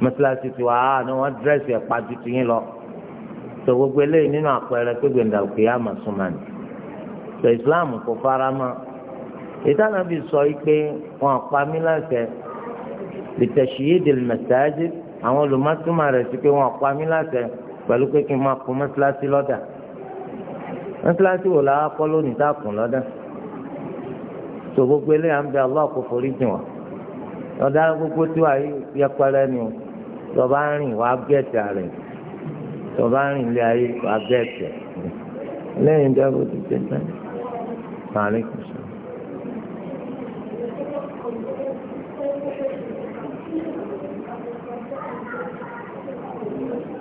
mẹsàlásì ti wa á ni wọ́n dírẹ́sì ẹ̀ pa ju tìyẹn lọ tó gbogbo eléyìí nínú àpẹẹrẹ pé gbẹ̀ndà òkè yá màá tó Islam kò fara mọ́ ìtàn àbí sọ yìí pé wọn pa mí láṣẹ ìtẹ̀síyédè mẹsàájì àwọn olùmọ̀túnmọ̀ rẹ̀ sí pé wọn pa mí láṣẹ pẹ̀lú pé kí n máa kún mẹsàlásì lọ́dà mẹsàlásì wò láwọn kọ́ lónìí tá a kún lọ́dà tó gbogbo eléyìí à Allah kò ọ̀daràn gbogbo tí wàá yẹpẹrẹ ni o tọba ń rìn wàá gẹ̀ẹ́tì rẹ̀ tọba ń rìn ilé ayé wàá gẹ̀ẹ́tì lẹ́yìn ìjọba ti tẹ̀ tán. Maaleykum salaam.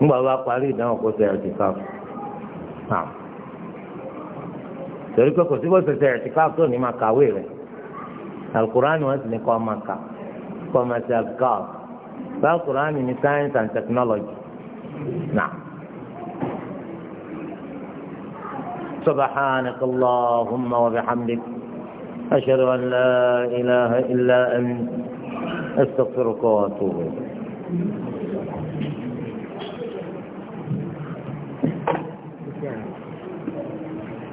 ńgbà bá parí ìdáhùn kó ṣe ẹ̀tìkáàfù náà torí pé kò síbò ṣe ṣe ẹ̀tìkáàfù tó ní máa kàwé rẹ̀ alukurani wọn sì ní kọ́ máa kà commercial cars báwo Quran ní science and technology náà. سبحانك اللهم وبحمدك أشهد أن لا إله إلا أنت أستغفرك وأتوب إليك